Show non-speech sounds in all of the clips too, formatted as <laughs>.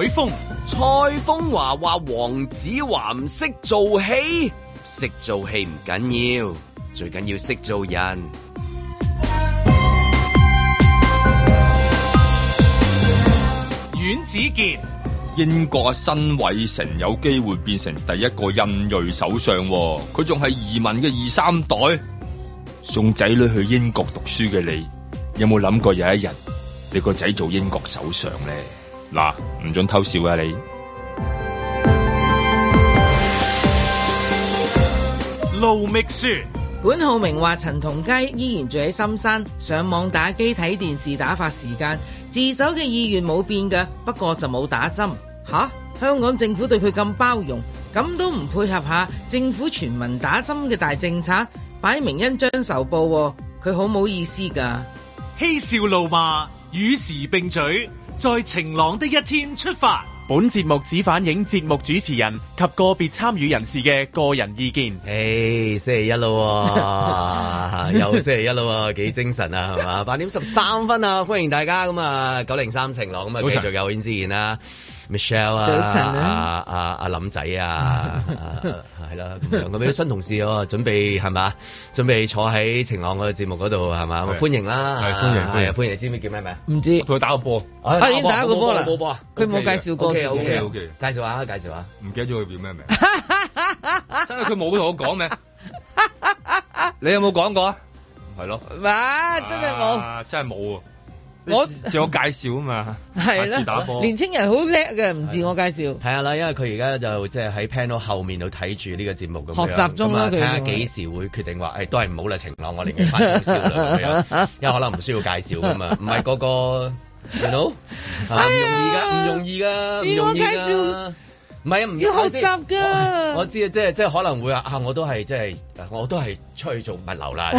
海峰，蔡風華話：黃子華唔識做戲，識做戲唔緊要，最緊要識做人。阮子杰，英國新偉成有機會變成第一個印裔首相，佢仲係移民嘅二三代。送仔女去英國讀書嘅你，有冇諗過有一日你個仔做英國首相咧？嗱，唔准偷笑啊！你盧覓雪，管浩明話陳同佳依然住喺深山，上網打機睇電視打發時間，自首嘅意願冇變噶，不過就冇打針吓。香港政府對佢咁包容，咁都唔配合下政府全民打針嘅大政策，擺明恩將仇報，哦，佢好冇意思噶。嬉笑怒罵，與時並舉。在晴朗的一天出發。本節目只反映節目主持人及個別參與人士嘅個人意見。誒、hey，星期一咯、啊， <laughs> 又星期一咯、啊，幾精神啊，係嘛？八點十三分啊，歡迎大家。咁啊，九零三晴朗，咁啊，繼續有演之言啦。Michelle 啊，早晨啊，阿阿、啊啊啊、林仔啊，係啦咁樣，咁啲新同事我準備係嘛，準備坐喺晴朗個節目嗰度係嘛，歡迎啦，係歡迎，歡迎，啊、歡迎歡迎知知你知唔知叫咩名？唔知，佢打個波、啊，已經打個波啦，冇波佢冇介紹過 OK，OK 介紹下，介紹下，唔記得咗佢叫咩名？ <laughs> 真係佢冇同我講咩？ <laughs> 你有冇講過啊？係咯，唔係真係冇，真係冇啊。我自我介紹啊嘛，係啦，年青人好叻嘅，唔自我介紹。係啊啦，因為佢而家就即係喺 panel 後面度睇住呢個節目咁中咁睇下幾時會決定話，誒、 <laughs> 哎、都係唔好啦，晴朗我哋願翻張笑啦，因為可能唔需要介紹噶嘛，唔 <laughs> 係個個人 you know?、哎 uh, 唔容易噶，唔容易噶，唔容易噶。唔係啊，唔要學習噶。我知啊，即係即係可能會啊，我都係即係，我都係出去做物流啦，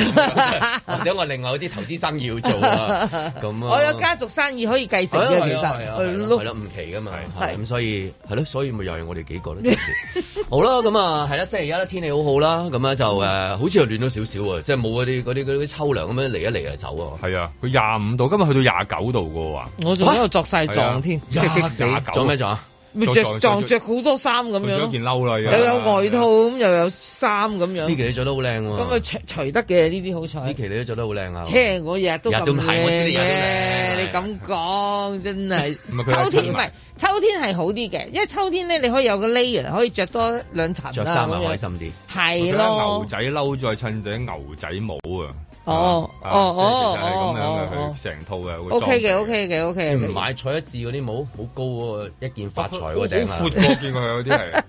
或者 <laughs> 我，我另外啲投資生意要做啊。咁 <laughs> 我有家族生意可以繼承啊，其實係咯，唔奇噶嘛。咁所以係咯，所以咪又係我哋幾個咯。好啦，咁啊，係啦，星期一啦，天氣好好啦，咁咧就誒， <laughs> 好似又暖咗少少啊，即係冇嗰啲嗰啲嗰啲秋涼咁樣嚟一嚟啊走啊。係啊，佢廿五度，今日去到廿九度噶。我仲喺度作晒狀添，即係逼死，做咩狀？啊咪着撞着好多衫咁樣，件褸啦，又有外套咁，又有衫咁樣。呢期你着得、啊、得好靚喎！咁啊除得嘅呢啲好彩。呢期你都着得好靚啊！即係我日日都咁靚嘅，你咁講真係 <laughs> 秋天 <laughs> 秋天。 <laughs> 秋天唔係秋天係好啲嘅，因為秋天咧你可以有個 layer，可以着多兩層。着衫啊，開心啲。係咯，牛仔褸再襯頂牛仔帽啊！哦哦哦哦，成套嘅 O K 嘅 O K 嘅 O K，唔買彩一字嗰啲帽好高喎，一件發財嗰頂啊！好闊，我見過有啲係，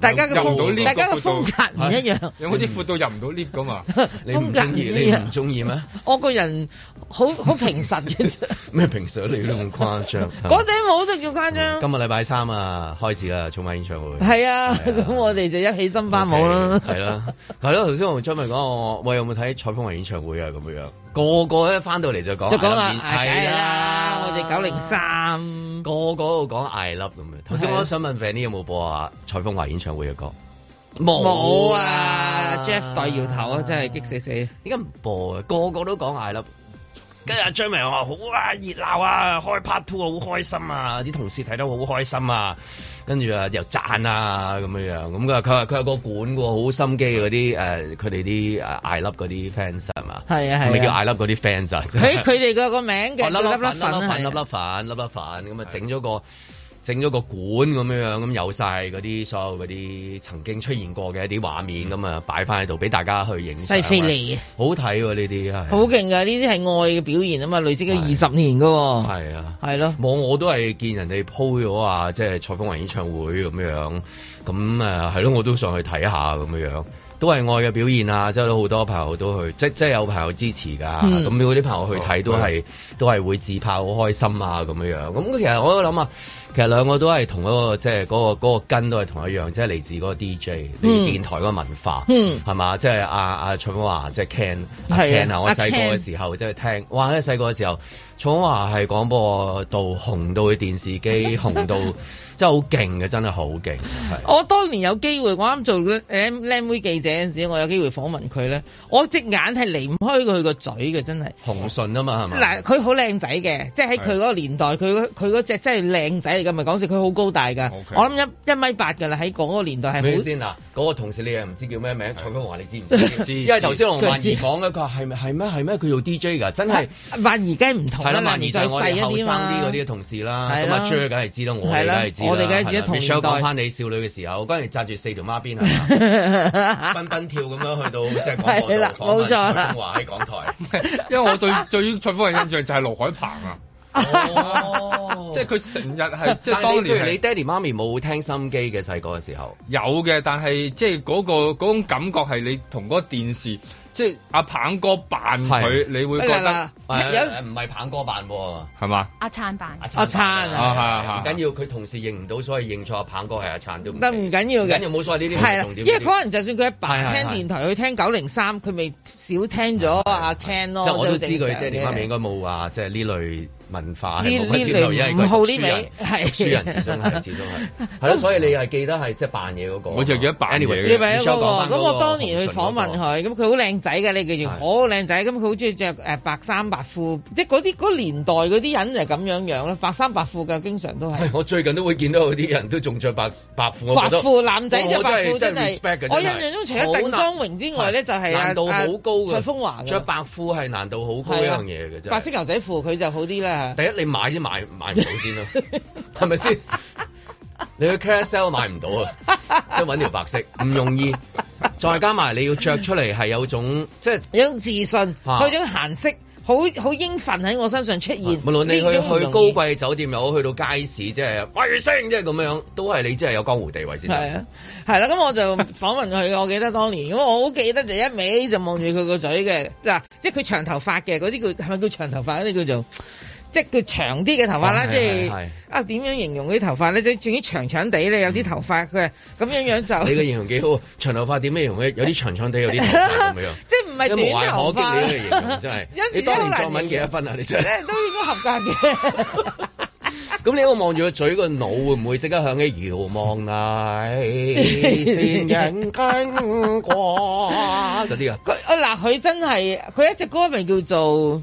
大家嘅風格唔一樣，有冇啲闊到入唔到 lift 咁啊？你唔中意？你唔中意咩？ <laughs> 我個人好好平實嘅啫，咩 <laughs> 平實？你都咁誇張，嗰 <laughs> 頂帽都叫誇張。嗯。今日禮拜三啊，開始啦！草蜢演唱會係啊，咁我哋就一起新花帽啦。係啦，係咯。頭先我同張明講，我喂有冇睇蔡楓華演唱會？ <laughs> 咁嘅樣，個個一翻到嚟就講、那個，就講啊，係啊，我哋九零三，個個都講嗌粒咁樣。頭先我想問 Vanny 有冇播啊蔡楓華演唱會嘅歌？冇啊，啊，Jeff 代搖頭啊，真係激死死。點解唔播啊？個個都講嗌粒。跟住阿張明話好啊，熱鬧啊，開 part two 好開心啊，啲同事睇得好開心啊。跟住、呃、啊，又讚啊，咁樣樣咁佢話佢話佢有個管喎，好心機嗰啲誒，佢哋啲誒艾粒嗰啲 fans 係嘛？係啊係咪叫艾粒嗰啲 fans 啊？佢佢哋個個名嘅、哦、粒粒粉，粒粒粉，粒粒粉，粒粒粉，咁啊整咗個。整咗個館咁樣樣，咁有晒嗰啲所有嗰啲曾經出現過嘅一啲畫面，咁啊擺翻喺度俾大家去影。西菲利，好睇喎呢啲，係好勁㗎！呢啲係愛嘅表現啊嘛，累積咗二十年㗎喎。係啊，係咯。冇我都係見人哋 po 咗啊，即係蔡楓華演唱會咁樣，咁啊係咯，我都上去睇下咁樣，都係愛嘅表現啊！即係好多朋友都去，即即係有朋友支持㗎，咁嗰啲朋友去睇、嗯、都係都係會自拍好開心啊咁樣樣。咁其實我諗啊。其實兩個都係同一個，即係嗰個嗰個根都係同一樣，即係嚟自嗰個 DJ，啲電台嗰個文化，嗯，係嘛？即係阿阿秦華，即係 Ken，Ken 啊，係啊，Ken，我細個嘅時候即係聽哇！喺細個嘅時候。楚華係廣播道紅到去電視機， <laughs> 紅到真係好勁嘅，真係好勁。我當年有機會，我啱做僆妹記者嗰陣時，我有機會訪問佢咧，我隻眼係離唔開佢個嘴嘅，真係。紅唇啊嘛，係嘛？嗱，佢好靚仔嘅，即係喺佢嗰個年代，佢嗰佢嗰隻真係靚仔嚟㗎，唔係講笑，佢好高大㗎。Okay. 我諗一一米八㗎啦，喺嗰個年代係咪先？嗱，嗰、嗰個同事你又唔知叫咩名？楚華你知唔知？ <laughs> 因為頭先黃萬怡講咧，佢話係咪係咩係咩？佢做 DJ 㗎，真係。萬怡雞唔同。係啦，萬二仔我後生啲嗰啲同事啦，咁啊 Jack 梗係知道我哋啦，係知道。我哋梗係知道，我知道同年代。別少講翻你少女嘅時候，嗰陣時紮住四條孖辮，係咪？ <laughs> 奔奔跳咁樣去到即係廣播道。係啦，冇錯。中華喺港台，因為我對對於蔡康的印象就係盧海鵬啊。 <laughs> 哦。即係佢成日係即係當年係你，你爹哋媽咪冇聽心機嘅細個嘅時候。有嘅，但係即係嗰個嗰種感覺係你同嗰個電視。即係阿棒哥扮佢，你會覺得唔係棒哥扮喎，係嘛？阿燦扮阿燦啊，唔緊要，佢同事認唔到，所以認錯阿棒哥係阿燦都唔緊要嘅，緊要冇所謂呢啲唔重要。因為可能就算佢一排聽電台，去聽九零三，佢未少聽咗阿燦咯。即係我都知佢即係呢方面應該冇話即係呢類。文化呢呢類五號呢類係輸人始終係 <laughs> 始終係係咯，所以你係記得係即係扮嘢嗰個。我就如果扮嘢嘅，你想講翻咁我當年去訪問佢，咁佢好靚仔嘅，你記住好靚仔，咁佢好中意著誒白衫白，白褲，即係嗰啲嗰年代嗰啲人係咁樣樣白衫白褲嘅經常都係、哎。我最近都會見到嗰啲人都仲着白白褲。白褲男仔著白褲真係。我印象中除咗鄧光榮之外咧，就係難度好高嘅，風華著白褲係難度好高一樣嘢嘅啫。白色牛仔褲佢就好啲啦。啊、第一，你買啲買買唔到先咯，係咪先？你去 cash sell 買唔到啊，都 <laughs> 搵條白色，唔容易。再加埋你要着出嚟係有種即係有種自信，啊、有種顏色好好英範喺我身上出現。無、啊、論你去去高貴酒店又好，去到街市即係威聲，即係咁樣，都係你真係有江湖地位先得。係啊，係啦、啊。咁我就訪問佢， <laughs> 我記得當年，因為我好記得就一味就望住佢個嘴嘅嗱，即係佢長頭髮嘅嗰啲叫係咪叫長頭髮啲叫做？即係佢長啲嘅頭髮啦、啊，即係啊點樣形容嗰啲頭髮咧？即係仲有長長地咧，有啲頭髮佢咁樣樣就。你嘅形容幾好，長頭髮點咩形容，有啲長長地，有啲頭髮咁 <laughs> 樣。即係唔係短頭髮。你 <laughs> 有時寫作文幾多分啊？你真係。都應該合格嘅 <laughs> <laughs> 咁你一望住個嘴個腦會唔會即刻響起遙望那仙人經過嗰啲啊？佢、 <laughs> 就是這個、啊嗱，佢真係佢一隻歌名叫做。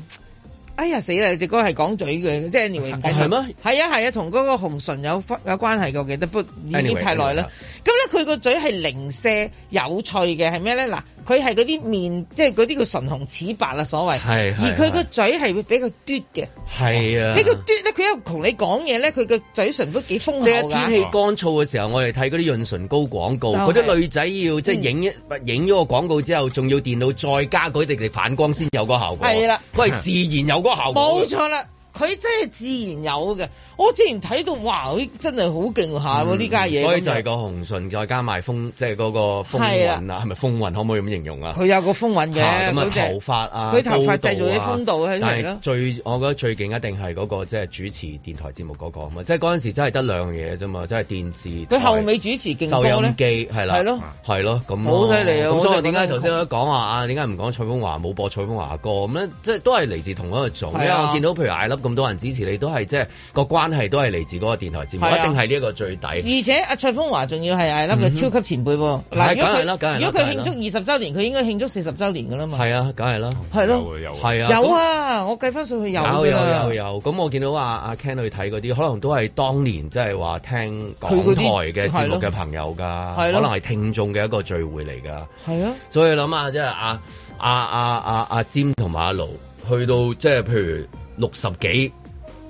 哎呀死啦！隻哥係講嘴嘅，即係 anyway 係咩？係啊係啊，同嗰、啊、個紅唇有有關係，我記得。不已經、anyway, 太耐啦。咁、anyway, 咧、嗯，佢個嘴係零舍有趣嘅，係咩咧？嗱，佢係嗰啲面，即係嗰啲叫唇紅齒白啦，所謂。係係、啊。而佢個嘴係會比較嘟嘅。係啊。呢個嘟咧，佢又同你講嘢咧，佢個嘴唇都幾豐滿。即係天氣乾燥嘅時候，我哋睇嗰啲潤唇膏廣告，嗰、就、啲、是、女仔要、嗯、即係影一影咗個廣告之後，仲要電腦再加佢哋嚟反光先有個效果。係啦、啊。佢係自然有。冇、那個、錯啦。佢真係自然有嘅，我之前睇到哇，佢真係好勁下喎呢家嘢。所以就係個紅順再加埋風，即係嗰個風雲啊，係咪、啊、風雲可唔可以咁形容啊？佢有個風雲嘅，咁即、嗯、啊。佢啲頭髮製造啲風度，啊度啊。但係最我覺得最勁一定係嗰、嗰個即係主持電台節目嗰、嗰個，即係嗰陣時真係得兩樣嘢啫嘛，即係電視佢後尾主持勁咗咧。收音機係啦，係咯，係咯，咁好犀利啊！咁所以點解頭先我講話啊？點解唔講蔡楓華冇播蔡楓華歌咁咧？即係都係嚟自同一個組，因為我見到譬如咁多人支持你都係即係個關係都係嚟自嗰個電台節目，啊、一定係呢一個最底。而且阿蔡風華仲要係係啦，佢、嗯、超級前輩。嗱、嗯，如果佢如果佢慶祝二十週年，佢應該慶祝四十週年噶啦嘛。係啊，梗係啦。係咯、啊啊，有啊，有啊，我計翻數佢有嘅，有有有有有。咁我見到阿、啊、阿、啊啊、Ken 去睇嗰啲，可能都係當年即係話聽港台嘅節目嘅朋友㗎，可能係聽眾嘅一個聚會嚟㗎。係啊，啊。所以諗下即係阿阿阿阿阿詹同埋阿盧去到即係譬如。六十幾，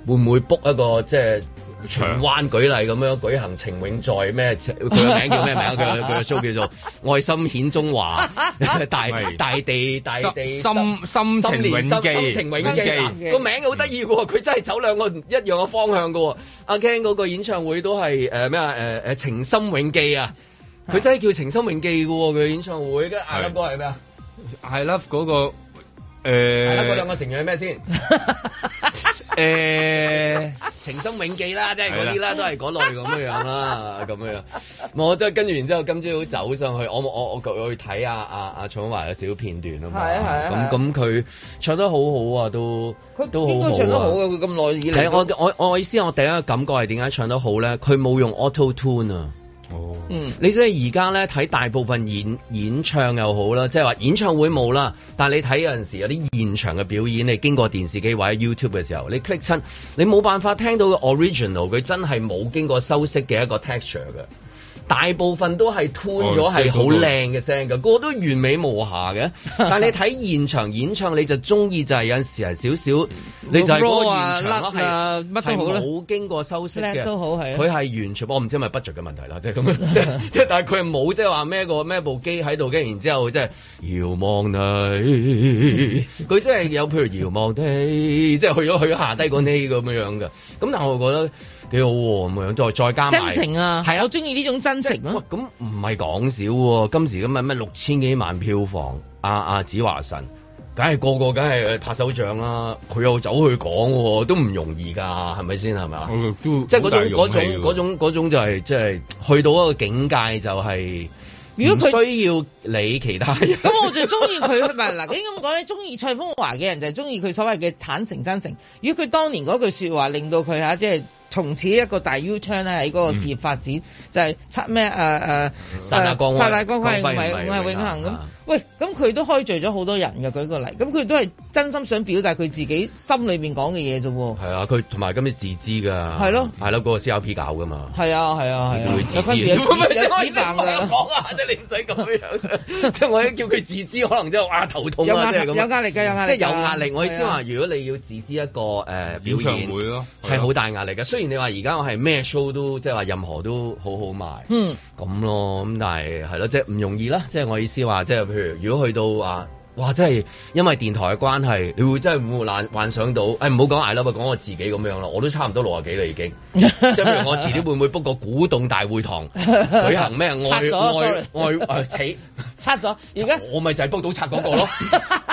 會唔會 book 一個即係荃灣舉例咁樣舉行程永在咩？佢個名叫咩名？佢佢個 show 叫做 <laughs> 愛心顯中華， <laughs> 大地大地大地心心情永記，永嗯，那個名好得意。佢、嗯、真係走兩個一樣嘅方向噶。阿、嗯啊、Ken 嗰個演唱會都係誒咩啊？誒誒情深永記啊！佢真係叫情深永記噶，佢演唱會跟 I Love 係咩啊？I Love，嗰個。誒、欸，嗰兩個成員係咩先？誒、 <laughs> 欸， <laughs> 情深永記啦，即係嗰啲啦，都係嗰類咁嘅樣啦，咁 <laughs> 嘅樣。我即係跟住，然之後今朝早走上去，我我我去睇下阿阿楚華嘅小片段啊嘛。係啊係啊。咁咁佢唱得好好啊，都都應該、啊、唱得好啊。佢咁耐以嚟、啊。我我我意思，我第一個感覺係點解唱得好咧？佢冇用 auto tune 啊。哦，嗯，你即係而家咧睇大部分演演唱又好啦，即係話演唱會冇啦，但係你睇有陣時有啲現場嘅表演，你經過電視機或者 YouTube 嘅時候，你 click 親，你冇辦法聽到個 original，佢真係冇經過修飾嘅一個 texture 嘅。大部分都係吞咗係好靚嘅聲㗎。個個都完美無瑕嘅。但你睇現場 <laughs> 演唱，你就鍾意就係有時係少少， <laughs> 你就係嗰個現場係啊，乜都好咧，冇經過修飾都好係。佢係、啊、完全，我唔知係咪 budget 嘅問題啦，即係咁樣。係即係，但係佢冇即係話咩個咩部機喺度嘅，然之後即、就、係、是、遙望你，佢真係有譬如遙望你，即、就、係、是、去咗去咗下低嗰啲咁樣樣嘅。咁但係我覺得。幾好咁、啊、樣，再再加埋真誠啊，係我中意呢種真誠啊。咁唔係講笑，今時今日咩六千幾萬票房，阿、啊、阿、啊、子華神，梗係個個梗係拍手掌啦、啊。佢又走去講、啊，都唔容易噶，係咪先係咪？即係嗰種嗰種嗰種嗰種就係即係去到一個境界，就係如果佢需要你其他咁，我 <laughs> 就中意佢咪嗱，咁講咧，中意蔡風華嘅人就係中意佢所謂嘅坦誠真誠。如果佢當年嗰句說話令到佢吓，即係。從此一個大 U turn 咧喺嗰個事業發展，嗯、就係出咩誒誒曬大，光、啊、殺大光，光輝，唔係唔係永恆。咁、啊。喂，咁佢都開罪咗好多人嘅，舉個例，咁佢都係真心想表達佢自己心裏面講嘅嘢啫喎。係啊，佢同埋咁你自知㗎，係咯，係咯，個 CRP 搞㗎嘛。係啊，係啊，係會、啊啊啊啊啊、自知。有資格講啊！即你唔使咁樣即係我啲叫佢自知，可能都係話頭痛有壓力有壓力，即有壓力。我意思話，如果你要自知一個表演唱會咯，係好大壓力嘅，雖然。你話而家我係咩 show 都即係話任何都好好賣，嗯，咁咯，咁但係係咯，即係唔容易啦。即係我意思話，即係譬如如果去到話、啊，哇，真係因為電台嘅關係，你真會真係會幻幻想到，誒、哎，唔好講 I Love 講我自己咁樣咯，我都差唔多六啊幾啦，已經。即係譬如我遲啲會唔會 book 個古董大會堂舉行咩？愛愛愛愛企？拆咗而家，我咪就係 book 到拆嗰個咯。 <laughs>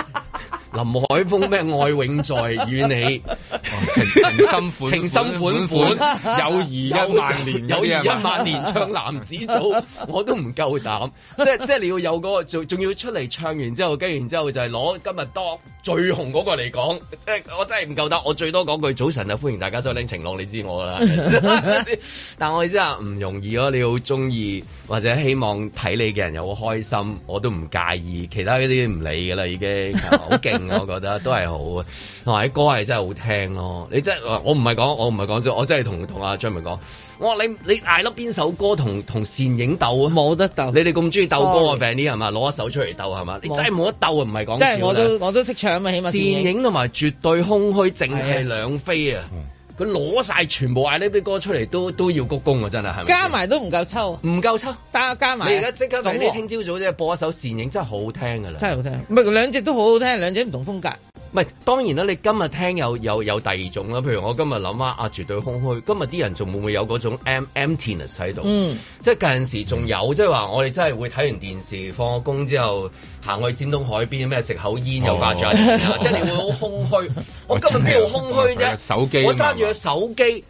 林海峰咩愛永在與你情深款，情深款款， <laughs> 款款 <laughs> 友誼一萬年， <laughs> 友誼一萬年，唱男子組 <laughs> 我都唔夠膽，即係即係你要有嗰個，仲仲要出嚟唱完之後，跟住然之後就係攞今日當最紅嗰個嚟講，即係我真係唔夠膽，我最多講句早晨啊，歡迎大家收聽晴朗， <laughs> <laughs> 你知我噶啦。但我意思啊，唔容易咯，你好中意或者希望睇你嘅人又好開心，我都唔介意，其他嗰啲唔理噶啦，已經好勁。 <laughs> <laughs> 我覺得都係好，同埋啲歌係真係好聽咯，哦。你真係我唔係講，我唔係講笑，我真係同同阿張明講。我話你你嗌，粒邊首歌同同倩影鬥啊？冇得鬥。你哋咁中意鬥歌啊 b n 啲係嘛？攞一首出嚟鬥係嘛？你真係冇得鬥啊！唔係講笑。真係我都我都識唱啊嘛，起碼。倩影同埋絕對空虛，淨係兩飛啊！佢攞晒全部艾呢比歌出嚟都都要鞠躬啊！真係，係咪加埋都唔夠抽，唔夠抽，但加加埋。你而家即刻做咩？聽朝早啫播一首《倩影》真好，真係好聽噶啦，真係好聽。唔係兩隻都好好聽，兩隻唔同風格。唔係，當然啦！你今日聽有有有第二種啦，譬如我今日諗啊，絕對空虛。今日啲人仲會唔會有嗰種 m em, emptiness 喺度？嗯，即係近陣時仲有，即係話我哋真係會睇完電視，放個工之後行去尖東海邊，咩食口煙、哦、又揸住、哦，即係你會好空虛。 <laughs> 我今日邊度空虛啫？ <laughs> 手機，我揸住個手機。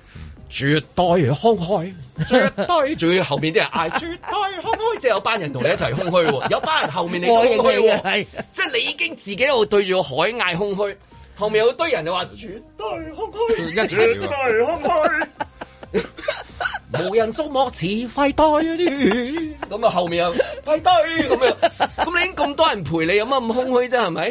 絕對係空虛，絕對仲要後面啲人嗌，絕對空虛，即係有班人同你一齊空虛，有班人後面你空虛，即係你已經自己喺度對住個海嗌空虛，後面有堆人就話絕對空虛，絕對空虛。絕對空虛，絕對空虛。 <laughs> 無人捉莫似快堆啊啲，咁 <laughs> 啊後面啊快堆咁樣，咁你已經咁多人陪你，有乜咁空虛啫？係咪？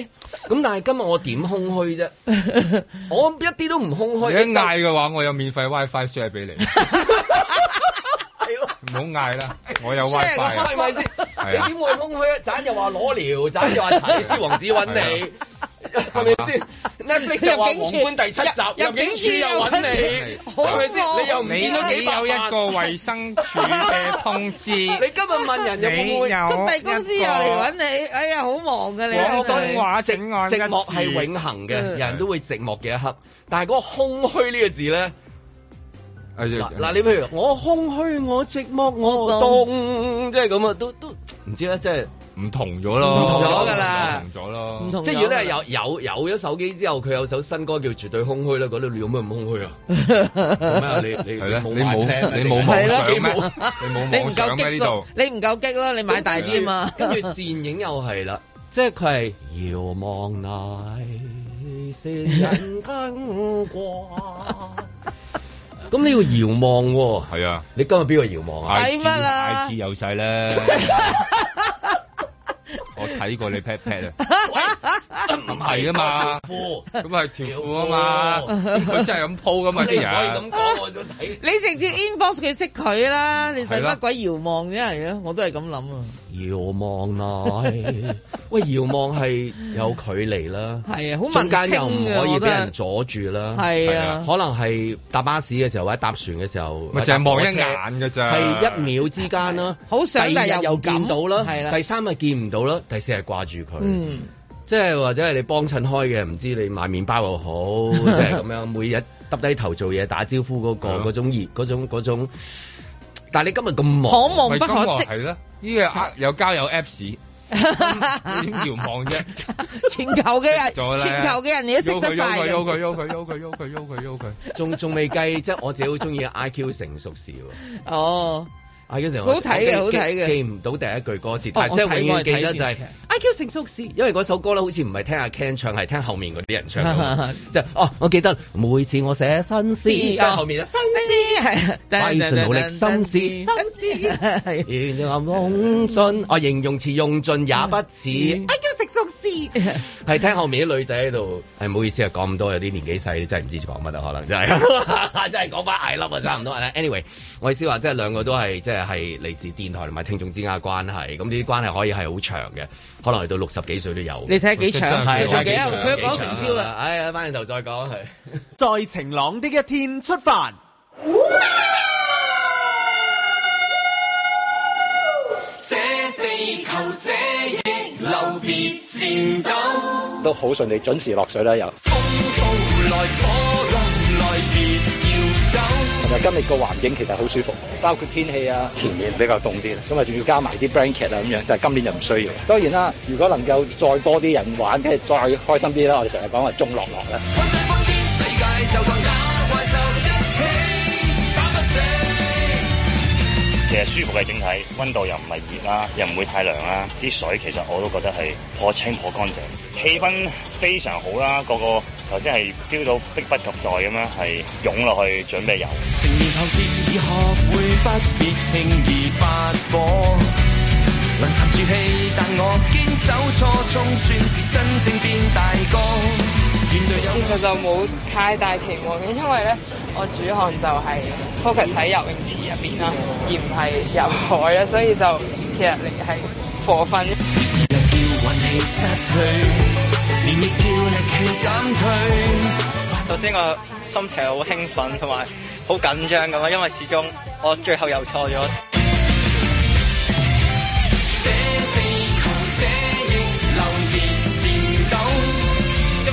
咁但係今日我點空虛啫？ <laughs> 我一啲都唔空虛。你嗌嘅話，我有免費 WiFi share 俾你。係 <laughs> 咯、啊，唔好嗌啦，我有 WiFi。咪先？你點會空虛？盞又話攞聊，盞又話踩師王子揾你。係咪先？ <laughs> 你你又話第七集，入境處又揾你，係咪先？你又唔見到幾有一個衞生署嘅通知。 <laughs> 你今日問人又冇，中地公司又嚟揾你。哎呀，好忙嘅你，你。廣東話靜安，寂寞係永恆嘅，人都會寂寞嘅一刻。但係嗰個空虛呢個字咧。嗱你譬如我空虛，我寂寞，我凍，即係咁啊，都都唔知咧，即係唔同咗咯，唔同咗噶啦，唔同咗咯，即係如果你係有有有咗手機之後，佢有首新歌叫《絕對空虛》啦，嗰啲有咩唔空虛啊？咁 <laughs> 啊，你你係你冇你冇冇你冇你唔夠 <laughs> 激素 <laughs> 你唔夠激啦， <laughs> 你買大啲嘛？跟住倩影又係啦，即係佢係遙望那，四人牽掛。 <laughs> 咁你要遙望喎、哦，係啊，你今日邊個遙望啊？係，乜啊？太子有勢啦。 <laughs> <laughs> 我睇過你 pat pat 啊，唔係噶嘛，褲咁係條褲啊嘛，佢 <laughs> 真係咁鋪噶嘛啲人， <laughs> 可以咁講 <laughs> 我都還睇看， <laughs> 你直接 inbox 佢識佢啦，啊、你使乜鬼遙望啫係咯，我都係咁諗啊，遙、哎、望有距離啦，喂遙望係有距離啦，係啊，好文青啊，中間又唔可以俾人阻住啦，係啊，可能係搭巴士嘅時候或者搭船嘅時候，咪淨係望一眼噶咋，係一秒之間咯，好想又又見到咯，係啦， <laughs> 第，啦 <laughs> 啊、第三日見唔到.。 <laughs> 好第四係掛住佢，即係或者係你幫襯開嘅，唔知你買麵包又好，即係咁樣，每日耷低頭做嘢打招呼嗰、嗰個，嗰種熱，嗰種種，種。但係你今日咁忙，可望不可即係咧？呢個有交友 Apps，遙望啫。 <laughs> 全球嘅的人， <laughs> 全球嘅的人你都 <laughs> 識得晒。喐佢，喐佢，喐佢，喐佢，喐佢，喐佢，喐佢，仲仲 <laughs> 未計， <laughs> 即係我自己好中意 IQ 成熟時。 <laughs> 哦。I.Q. 好睇嘅，好睇嘅，記唔到第一句歌詞，oh, 但係即係永遠記得就係 I.Q. 成熟時，I'll see. I'll see. 因為嗰首歌咧好似唔係聽阿 Ken 唱，係聽後面嗰啲人唱，即係 <laughs> <laughs> <laughs> 哦，我記得每次我寫新詩，啊後面新詩係，費 <laughs> 盡 <laughs> 努力心思，心思係用盡我形容詞用盡也不似。 <laughs> <laughs> 食熟係聽後面啲女仔喺度，係、哎，唔好意思啊，講咁多有啲年紀細，真係唔知講乜啦，可能真係， <laughs> 真係講翻挨粒啊，差唔多。Anyway，我意思話，即係兩個都係，即係係嚟自電台同埋聽眾之間嘅關係，咁、嗯、啲關係可以係好長嘅，可能去到六十幾歲都有。你聽幾長？佢講成招啦。哎呀，翻轉頭再講佢。在晴朗的一天出發。 <laughs> 這地球這戰都好順利，準時落水啦，又。同埋今日個環境其實好舒服，包括天氣啊，前面比較凍啲，咁、嗯、啊，仲要加埋啲 blanket 啊，咁樣，但係今年就唔需要。當然啦，如果能夠再多啲人玩，即係再開心啲啦，我哋成日講話中樂樂啦。風天風天其實舒服嘅整體，溫度又唔係熱啦，又唔會太涼啦，啲水其實我都覺得係破清破乾淨，氣氛非常好啦，個個頭先係飆到迫不及待咁樣係湧落去準備遊。其實就冇太大期望嘅，因為咧我主項就係 focus 喺游泳池入邊啦，而唔係入海啦，所以就其實你係佛分。就叫失力退。首先我心情好興奮同埋好緊張咁啊，因為始終我最後又錯咗。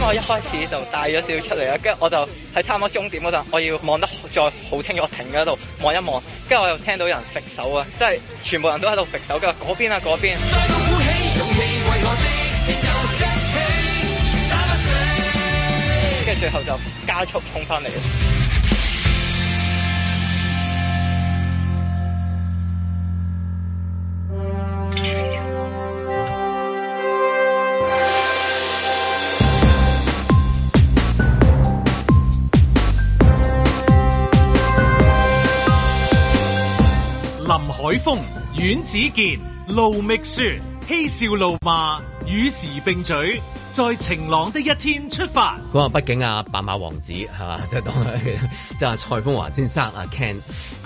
我一開始就帶咗少少出嚟啦，跟住我就喺差唔多終點嗰陣，我要望得再好清楚，停咗度望一望，跟住我又聽到有人揈手啊，即係全部人都喺度揈手，跟住嗰邊啊嗰邊。再鼓起勇氣，為我哋戰友一起打不死。跟住最後就加速衝翻嚟。海峰、阮子健、盧覓雪、嬉笑怒罵，與時並舉，在晴朗的一天出發。佢話：畢竟啊，白馬王子係嘛，即係、就是、當即係、就是、蔡楓華先生阿 Ken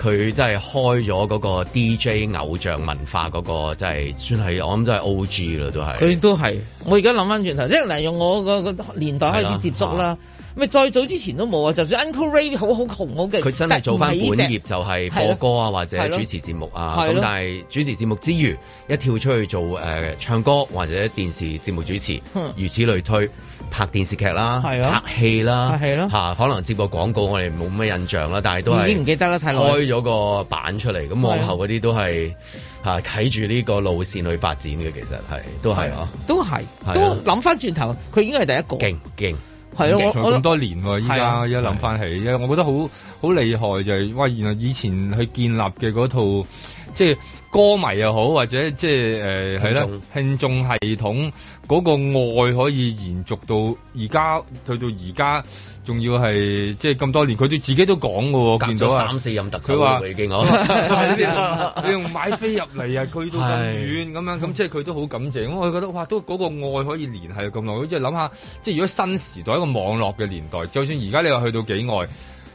佢真係開咗嗰個 DJ 偶像文化嗰、那個，真、就、係、是、算係我諗都係 O G 啦，都係。佢都係，我而家諗返轉頭，即係嗱，用我個個年代開始接觸啦、啊。咪再早之前都冇啊！就算 Uncle Ray 好好紅好勁，佢真係做翻本業就係播歌啊，或者主持節目啊。咁但係主持節目之餘，一跳出去做、呃、唱歌或者電視節目主持，如此類推，拍電視劇啦，拍戲啦，吓、啊、可能接個廣告，我哋冇咩印象啦，但係都係已經唔記得啦。太耐開咗個版出嚟，咁往後嗰啲都係吓睇住呢個路線去發展嘅，其實係都係啊，都係都諗翻轉頭，佢已經係第一個勁勁。係啊，咁多年喎、啊，依家、啊、一諗翻起，因為、啊啊、我覺得好好厲害就係、是、哇！原來以前去建立嘅嗰套，即係。歌迷又好，或者即係誒係啦，聽眾系統嗰個愛可以延續到而家，去到而家仲要係即係咁多年，佢都自己都講嘅喎，隔咗三，見到三四任特首，佢話已我 <laughs> <laughs> 你，你用買飛入嚟啊，去到咁遠咁樣，咁即係佢都好感謝。咁我覺得哇，都嗰個愛可以連係咁耐。即係諗下，即係如果新時代一個網絡嘅年代，就算而家你又去到幾耐，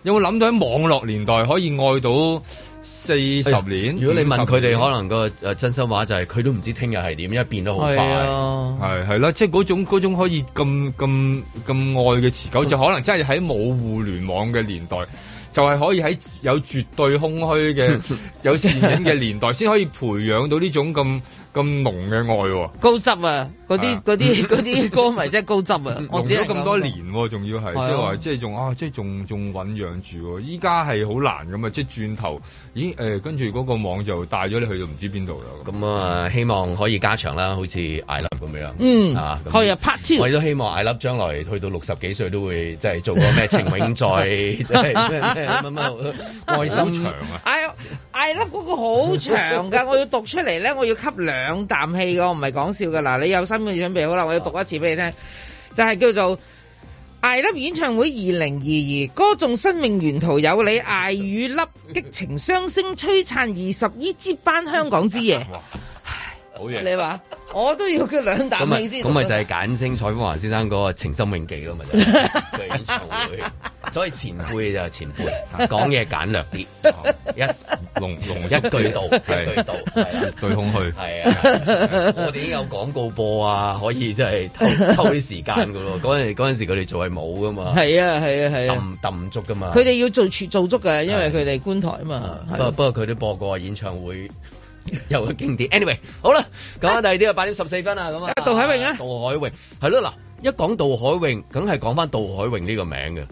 有冇諗到喺網絡年代可以愛到？四十年、哎、年，如果你問佢哋，可能個誒真心話、就是，就係佢都唔知聽日係點，因為變得好快，係係啦，即係嗰種嗰種可以咁咁咁愛嘅持久，就可能真係喺冇互聯網嘅年代。就係、是、可以喺有絕對空虛嘅 <laughs> 有時影嘅年代，先可以培養到呢種咁咁 <laughs> 濃嘅愛、哦。高質啊！嗰啲嗰啲嗰啲歌迷即係高質啊！用咗咁多年、啊，仲要係即係話，即係仲啊，即係仲仲醞釀住。依家係好難咁啊！即係、啊、轉頭，咦誒、跟住嗰個網就帶咗你去到唔知邊度啦。咁、嗯、啊，希望可以加長啦，好似艾粒咁樣。嗯啊，part two 添。我亦都希望艾粒將來去到六十幾歲都會即係做個咩情永在。 <laughs> 即是 <laughs> 啊！愛心長啊 I, I Love 那長！I, I Love 嗰個好長噶，我要讀出嚟咧，我要吸兩啖氣嘅，我唔係講笑嘅。嗱，你有心嘅準備好啦，我要讀一次俾你聽，啊、就係、是、叫做《I Love 演唱會二零二二歌頌生命沿途有你 <laughs> 艾雨粒激情雙星璀璨二十億之班香港之夜。》 <laughs> 好嘢！你話我都要佢兩啖氣先，咁咪就係簡稱蔡楓華先生嗰個情深永記咯，咪就係演唱會。所以前輩就係前輩，講嘢簡略啲， <laughs> 一濃濃一句道，一句道，啊，句空虛。係啊，啊啊啊嗯啊嗯、我哋已經有廣告播啊，可以即係偷偷啲時間噶咯。嗰陣嗰時佢哋做係冇噶嘛，係啊係啊係啊，冚冚足噶嘛。佢哋要做做足嘅，因為佢哋觀台啊嘛。啊啊不過、啊、不過佢都播過演唱會。 <laughs> 又係經典，anyway，好啦，講翻第二啲啊，八點十四分啊，咁啊，杜海泳啊，杜海泳，係咯，嗱，一講杜海泳，梗係講翻杜海泳呢個名嘅，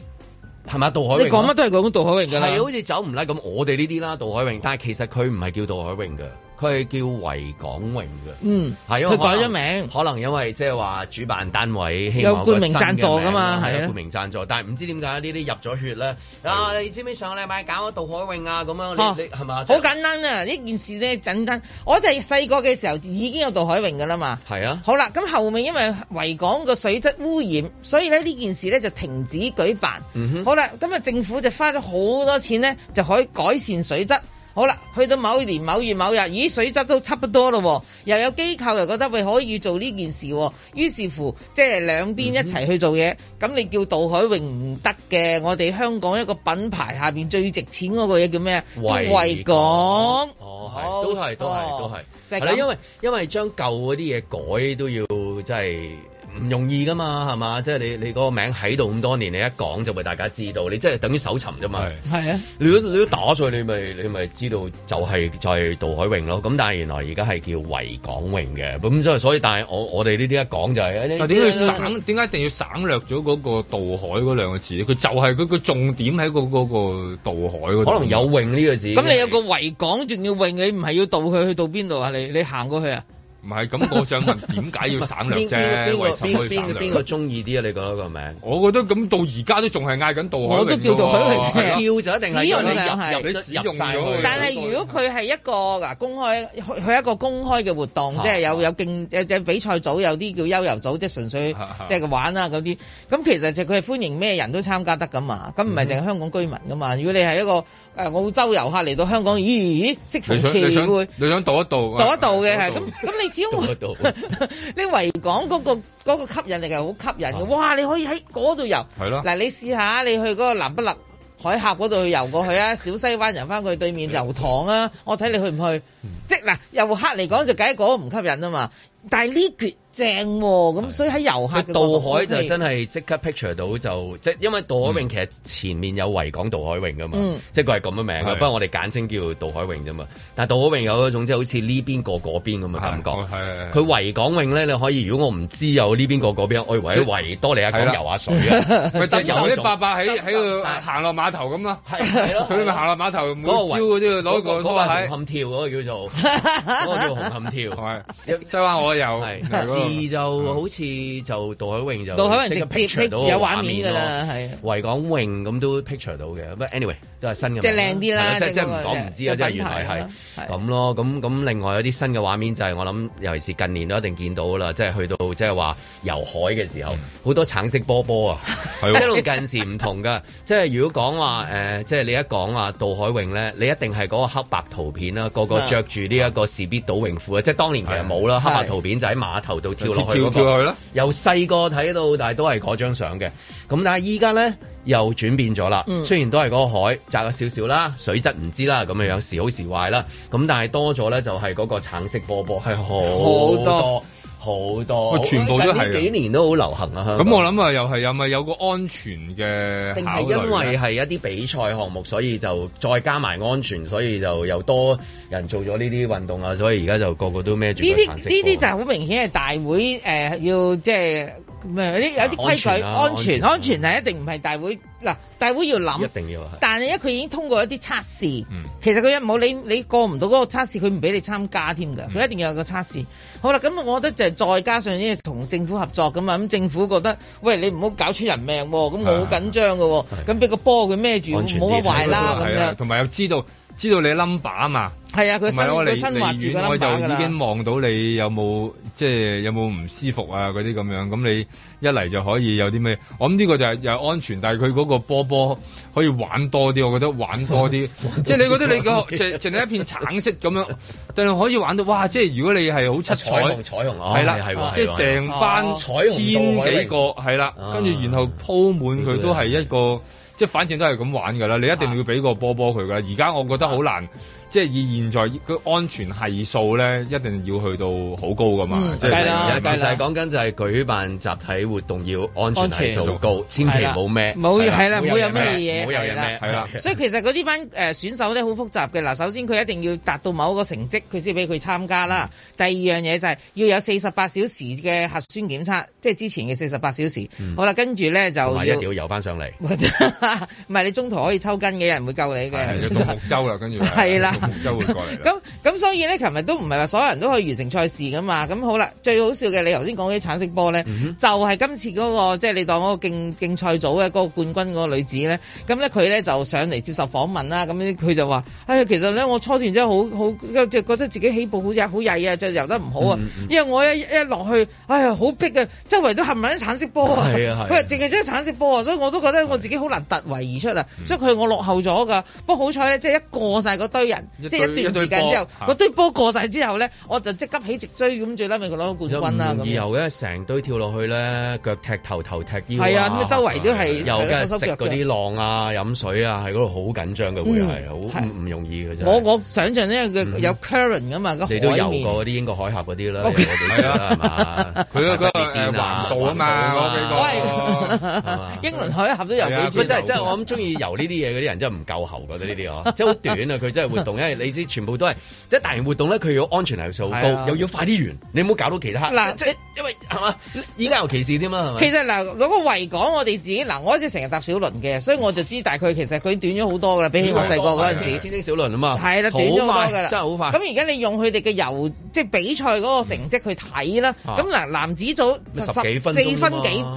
係咪啊？杜海、啊、你講乜都係講杜海泳㗎，係好似走唔甩咁，我哋呢啲啦，杜海泳，但係其實佢唔係叫杜海泳嘅。佢叫維港泳嘅，嗯，係佢改咗名，可能因為即係話主辦單位希望個新嘅名，係啊，冠名贊助，但係唔知點解呢啲入咗血咧。啊，你知唔知上個禮拜搞咗渡海泳啊咁樣，你、啊、你係嘛？好簡單啊！呢件事咧簡單，我哋細個嘅時候已經有渡海泳噶啦嘛。係啊。好啦，咁後面因為維港個水質污染，所以咧呢件事咧就停止舉辦。嗯、好啦，咁啊政府就花咗好多錢咧，就可以改善水質。好啦，去到某年某月某日，咦，水質都差不多咯、哦，又有機構又覺得佢可以做呢件事、哦，於是乎即係兩邊一齊去做嘢，咁、嗯、你叫渡海泳唔得嘅，我哋香港一個品牌下面最值錢嗰個嘢叫咩啊？維港，哦，都係都係都係，係啦、即係，因為因為將舊嗰啲嘢改都要即係。唔容易噶嘛，係嘛？即係你你嗰個名喺度咁多年，你一講就為大家知道，你即係等於搜尋啫嘛。係啊，你如果你都打出去，你咪你咪知道就係、是、就係、是、渡海泳咯。咁但係原來而家係叫維港泳嘅。咁所以所以、就是，但係我我哋呢啲一講就係一啲點要省？點解一定要省略咗嗰個渡海嗰兩個字？佢就係佢個重點喺、那個嗰、那個渡海嗰度。可能有泳呢個字、就是。咁你有個維港仲要泳，你唔係要渡去去到邊度啊？你你行過去啊？唔係咁，我想問點解要省略？隻？邊個邊邊邊個中意啲啊？你覺得個名？我覺得咁到而家都仲係嗌緊杜海明、啊、我都叫做佢係跳就一定係，只要就但係如果佢係一個嗱公開，佢一個公開嘅活動，啊、即係有有競比賽組，有啲叫悠遊組，即係純粹即係玩啦嗰啲。咁、啊啊、其實就佢係歡迎咩人都參加得噶嘛。咁唔係淨係香港居民噶嘛、嗯。如果你係一個誒澳洲遊客嚟到香港，咦識潮語你想度一度？哎、度一度嘅係咁咁你。 <laughs> 你維港嗰、嗰個嗰、嗰個吸引力係好吸引嘅，哇！你可以喺嗰度游，係咯。嗱，你試下你去嗰個南北立海峽嗰度去游過去啊，小西灣游翻去對面油塘啊，我睇你去唔去？嗯、即嗱，遊客嚟講就梗嗰個唔吸引啊嘛。但係呢橛正喎、哦，咁所以喺遊客嘅渡海就真係即刻 picture 到就、嗯、即因為渡海泳。其實前面有維港渡海泳㗎嘛，嗯、即個係咁嘅名，不過我哋簡稱叫渡海泳啫嘛。但渡海泳有一種即係好似呢邊過嗰邊咁嘅感覺。佢、哦、維港泳呢，你可以如果我唔知有呢邊過嗰邊，我以為維多利亞港遊下、啊、水啊，即係遊八八喺度行落碼頭咁啦。係咯，佢咪行落碼頭？嗰、嗰個維嗰啲攞嗰個紅磡跳嗰個叫嗰 <laughs> 個叫紅磡 <laughs> 跳。係 <laughs> <laughs> 有時就好似就渡海泳就就 picture 到畫面㗎，anyway, 啦，係，維港泳咁都 picture 到嘅，不過 anyway 都係新嘅。即係靚啲啦，即、那、係、個，即係，唔講唔知啊，即係原來係咁咯。咁咁另外有啲新嘅畫面就係、是、我諗，尤其是近年都一定見到㗎啦，即、就、係、是、去到即係話遊海嘅時候，好、嗯、多橙色波波啊，一路近時唔同㗎。 <laughs> 即係如果講話誒，即係你一講話渡海泳咧，你一定係嗰個黑白圖片啦，個個着住呢一個士必島泳褲啊，即係當年其實冇啦，黑白圖。片就喺碼頭度跳落去、嗰個、跳，跳落去啦，由細個睇到，但係都係嗰張相嘅。咁但係依家咧又轉變咗啦、嗯，雖然都係嗰個海窄咗少少啦，水質唔知啦，咁樣有時好時壞啦。咁但係多咗咧就係嗰個橙色波波，係好多。好多，全部都係呢幾年都好流行啊！咁我諗啊，又係有咪有，有個安全嘅，定係因為係一啲比賽項目，所以就再加埋安全，所以就又多人做咗呢啲運動啊！所以而家就個個都孭住呢啲呢啲就係好明顯係大會，呃，要即係。咁啲有啲規矩，安全、啊、安全係、嗯、一定唔係大會嗱，大會要諗，一定要。但係因為佢已經通過一啲測試，嗯、其實佢一冇你你過唔到嗰個測試，佢唔俾你參加添㗎。佢一定要有個測試。好啦，咁我覺得就係再加上呢，同政府合作㗎嘛。咁政府覺得，喂，你唔好搞出人命喎，咁好緊張㗎喎，咁俾個波佢孭住，冇乜、啊啊、壞啦咁樣。同埋、啊、又知道。知道你 number 嘛？係啊，佢身佢我畫住個 number 我就已經望到你有冇，即係有冇唔舒服啊嗰啲咁樣。咁你一嚟就可以有啲咩？我諗呢個就係、係、又、就係、安全，但係佢嗰個波波可以玩多啲。我覺得玩多啲，即 <laughs> 係你覺得你個淨淨係一片橙色咁樣，但係可以玩到哇！即係如果你係好七彩彩虹，彩虹，係啦即係成班彩虹千幾個係啦，跟住然後鋪滿佢都係一個。即係反正都係咁玩㗎啦，你一定要俾個波波佢㗎。而家我覺得好難。即係以現在個安全係數咧，一定要去到好高噶嘛。嗯、即係就係講緊就係舉辦集體活動要安全係數高，千祈冇咩冇，係啦，冇有咩嘢，係啦。所以其實嗰啲班誒選手咧好複雜嘅。嗱，首先佢一定要達到某一個成績，佢先俾佢參加啦，嗯。第二樣嘢就係、是、要有四十八小時嘅核酸檢測，即係之前嘅四十八小時。嗯、好啦，跟住咧就一定要游翻上嚟。唔 <laughs> 係你中途可以抽筋嘅人 <laughs> 會救你嘅。係啦，周啦，跟住係啦。 <laughs> 咁咁 <laughs> 所以咧，琴日都唔係話所有人都可以完成賽事噶嘛。咁好啦，最好笑嘅，你頭先講嗰啲橙色波咧、嗯，就係、是、今次嗰、那個即係、就是、你當嗰個競競賽組嘅嗰個冠軍嗰個女子咧。咁咧佢咧就上嚟接受訪問啦。咁佢就話，哎呀，其實咧我初段真係好好，就覺得自己起步好似好曳啊，就游得唔好啊、嗯嗯。因為我一一落去，哎呀，好迫啊，周圍都冚唪唥橙色波啊，佢淨係真係橙色波啊，所以我都覺得我自己好難突圍而出啊。嗯、所以佢我落後咗㗎。不過好彩咧，即、就、係、是、一過晒嗰堆人。即係一段時間之後，嗰堆波過晒之後咧，我就即刻起直追咁，最撚尾佢攞到冠軍啦，然後呢，成堆跳落去咧，腳踢頭頭踢腰。係啊，係啊，周圍都係有啲浪啊，飲水啊，喺嗰度好緊張嘅會係好唔容易嘅啫。我我想象呢，有 current 噶、啊、嘛、嗯嗰個海面，你都游過嗰啲英國海峽嗰啲啦，係、okay. 啊，係 <laughs> 嘛、那個？佢嗰、那個誒環道啊嘛，我未過。係英倫海峽都游幾次？即係我諗中意游呢啲嘢嗰啲人真係唔夠喉，覺得呢啲哦，即係好短啊！佢真係會到。因為你知全部都係即係大型活動咧，佢要安全係數高，啊，又要快啲完，你唔好搞到其他。嗱，即係因為係嘛。依、嗯、家尤其是添嘛，係嘛？其實嗱，嗰個維港我哋自己嗱，我一直成日搭小輪嘅，所以我就知大概其實佢短咗好多噶啦，比起我細個嗰陣時。天星小輪啊嘛。係啦，短咗好多噶啦。真係好快。咁而家你用佢哋嘅游，即、就、係、是、比賽嗰個成績去睇啦。咁、嗯、嗱，男子組十、四分幾、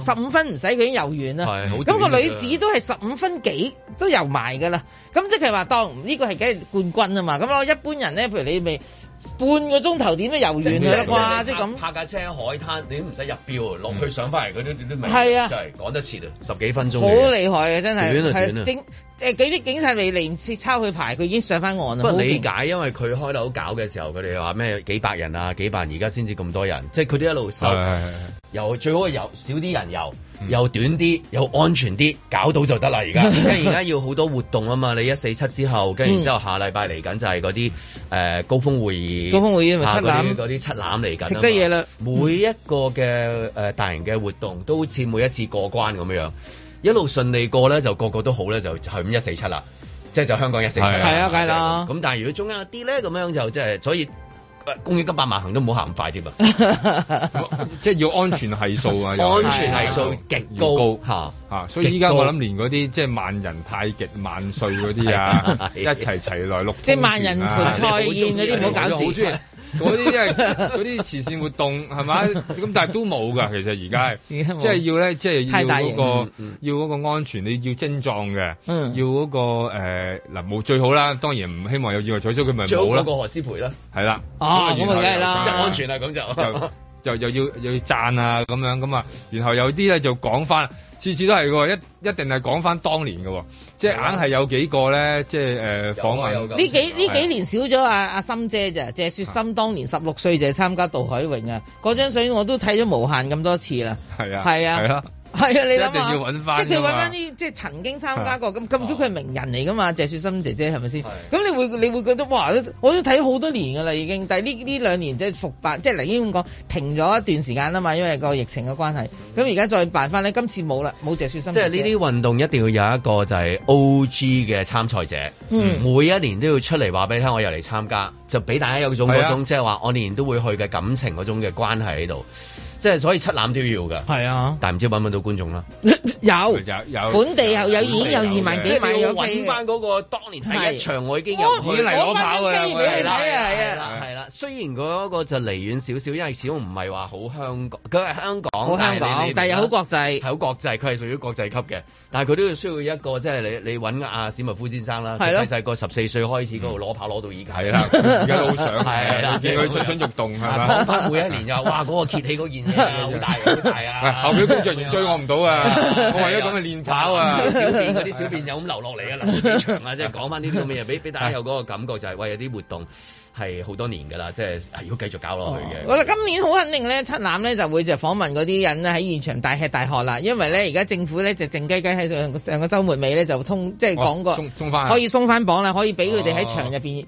十五分唔使佢游完啦。咁、個女子都係十五分幾都游埋噶啦。咁即係話當呢個係梗係冠軍。咁、嗯、我一般人咧，譬如你咪半個鐘頭點都游完㗎啦。啩，即係咁泊架車喺海灘，你都唔使入標落去上翻嚟嗰啲，你、嗯、都未係啊，就係、是、趕得遲啊。十幾分鐘好厲害嘅，真係遠啊，遠啊。即係啲警察嚟嚟唔切抄佢牌，佢已經上翻岸啦。唔理解，因為佢開頭搞嘅時候，佢哋話咩幾百人啊，幾百人，而家先至咁多人，即係佢啲一路收，又 <music> 最好又少啲人遊、嗯，又短啲，又安全啲，搞到就得啦。而家，而家要好多活動啊嘛，你一四七之後，跟住之後下禮拜嚟緊就係嗰啲誒高峰會議，高峰會議咪出攬嗰啲出攬嚟緊。食得嘢啦，每一個嘅、呃、大型嘅活動都好似每一次過關咁樣。一路順利過咧，就個個都好咧，就去、係、咁一四七啦，即係就係、香港一四七。係啊，梗係啦。咁但係如果中間有啲咧，咁樣就即係所以，公益金百萬行都冇行咁快添啊！即係要安全係數啊！安全係數極高， <laughs> 高所以依家我諗連嗰啲即係萬人太極萬歲嗰啲啊， <laughs> 啊，一齊齊來錄。即 <laughs> 係、啊就是、萬人盆菜宴嗰啲，唔好搞事。嗰啲即係嗰啲慈善活動係咪咁但係都冇㗎，其實而家即係要咧，即、就、係、是、要嗰、那個要嗰個安全，你要精壯嘅，要嗰、那個誒嗱冇最好啦。當然唔希望有意外取消，佢咪做好嗰個何詩蓓啦。係啦，啊，嗰、那個梗係啦，就安全啦、啊，咁就 <laughs> 就又又要又要讚啊咁樣咁啊，然後有啲咧就講翻。次次都係喎，一一定係講翻當年嘅，即係硬係有幾個咧，即係誒訪問呢幾呢、啊、幾年少咗啊。阿心姐啫，謝雪心。當年十六歲就係參加渡海泳啊，嗰張相我都睇咗無限咁多次啦。係啊，係啊。啊係啊，你諗啊，一定要即係佢搵翻啲即係曾經參加過咁，咁即佢係名人嚟噶嘛？哦、謝雪心姐姐係咪先？咁你會你會覺得哇！我都睇好多年噶啦，已經，但係呢呢兩年即係復辦，即係嚟咁講停咗一段時間啊嘛，因為個疫情嘅關係。咁而家再辦翻咧，今次冇啦，冇謝雪心。即係呢啲運動一定要有一個就係 OG 嘅參賽者，嗯、每一年都要出嚟話俾你聽，我又嚟參加，就俾大家有種嗰種即係話我年年都會去嘅感情嗰種嘅關係喺度。即係所以七攬都要㗎，係啊，但係唔知揾唔揾到觀眾啦。有，有本地又有演有二萬幾萬有飛嘅。揾翻嗰個當年第一場，我已經有已經嚟攞跑㗎啦。係啦，係啦，係雖然嗰個就離遠少少，因為始終唔係話好香港，佢係香港，香港，但係又好國際，好國際，佢係屬於國際級嘅。但係佢都要需要一個即係、就是、你你揾阿、啊、史密夫先生啦，細細個十四歲開始嗰、那、攞、個嗯、跑攞到而家啦，而家都好想見佢蠢蠢欲動係每一年又哇嗰個揭起嗰件。好大嘅，好大啊！大大啊 <laughs> 後面工作人員追我唔到啊，啊！我為咗咁啊練跑啊！啊就是、小便嗰啲小便有咁流落嚟啊！嗱， <laughs> 啊！即係講翻呢啲咁嘅嘢俾俾大家有嗰個感覺，就係喂有啲活動。係好多年㗎啦，即係如果繼續搞落去嘅。我、哦、啦今年好肯定咧，七欖咧就會就訪問嗰啲人咧喺現場大吃大喝啦，因為咧而家政府咧就靜雞雞喺上上個週末尾咧就通即係、就是、講過翻、哦，可以鬆翻綁啦，可以俾佢哋喺場入面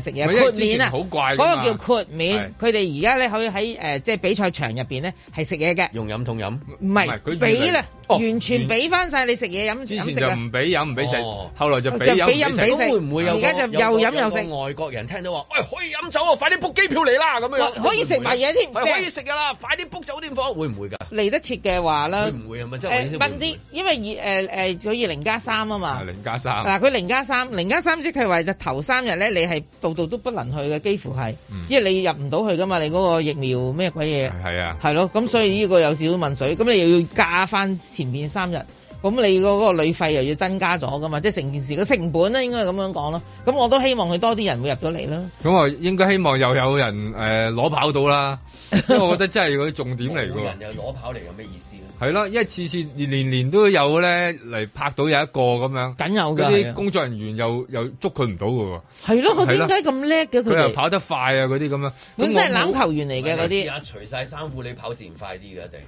食嘢豁免啊！好、哦呃、怪嗰、嗰個叫豁免，佢哋而家咧可以喺、呃、即係比賽場入面咧係食嘢嘅，用飲同飲唔係佢俾啦。完全俾翻曬你食嘢飲飲食啊！之前就唔俾飲唔俾食，後來就俾飲唔俾食。會唔會有？而家就又飲又食。外國人聽到話：喂，可以飲酒，快啲 book 機票嚟啦！咁樣可以食埋嘢添，係可以食噶啦，快啲 book 酒店房，會唔會㗎？嚟得切嘅話啦，會唔會？即係意思問啲，因為誒誒，所以零加三啊嘛。零加三嗱，佢零加三，零加三即係話就頭三日咧，你係度度都不能去嘅，幾乎係，因為你入唔到去噶嘛，你嗰個疫苗咩鬼嘢？係啊，係咯，咁所以呢個有少少問水，咁你又要加翻。前面三日，咁你嗰個旅費又要增加咗噶嘛？即係成件事個成本咧，應該係咁樣講咯。咁我都希望佢多啲人會入到嚟啦。咁我應該希望又有人誒攞、呃、跑到啦，因為我覺得真係個重點嚟喎。 <laughs> 有人又攞跑嚟有咩意思？係啦，因為次次年年都有咧嚟拍到有一個咁樣，緊有㗎。工作人員又又捉佢唔到㗎喎。係咯，佢點解咁叻嘅佢哋？佢又跑得快啊！嗰啲咁樣，本身係籃球員嚟嘅嗰啲。而家除晒衫褲，你跑自然快啲㗎，一定。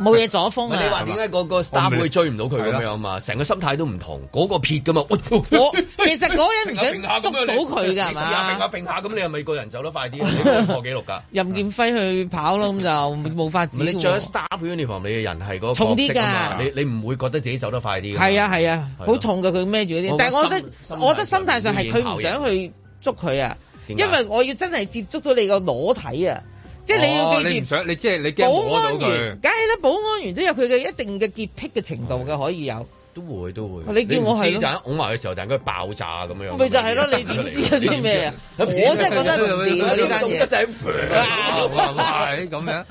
冇嘢、啊，阻風啊！你話點解嗰個 star 會追唔到佢咁樣啊嘛？成個心態都唔同，嗰、那個撇噶嘛！ <laughs> 我其實嗰人唔想捉到佢噶嘛？咪？下平下平下咁，你係咪個人走得快啲？ <laughs> 你破紀錄噶？任劍輝去跑咯，咁 <laughs> 就冇法子。你着咗 star uniform 你嘅人係嗰個重啲噶。你你唔會覺得自己走得快啲？係啊係啊，好、啊啊、重噶佢孭住嗰啲。但係我覺得我覺得，我覺得心態上係佢唔想去捉佢啊，因為我要真係接觸到你個裸體啊！即係你要記住保安員、哦，你唔想你即係梗係啦，當然保安員都有佢嘅一定嘅潔癖嘅程度嘅，可以有。都會都會，你見我係，擁埋嘅時候，突然間爆炸咁、就是、樣，咪就係咯。你點知啲咩啊？ <laughs> 我真係覺得呢單嘢， <laughs> 件事 <laughs> 一係隻咁 <laughs> <laughs> 樣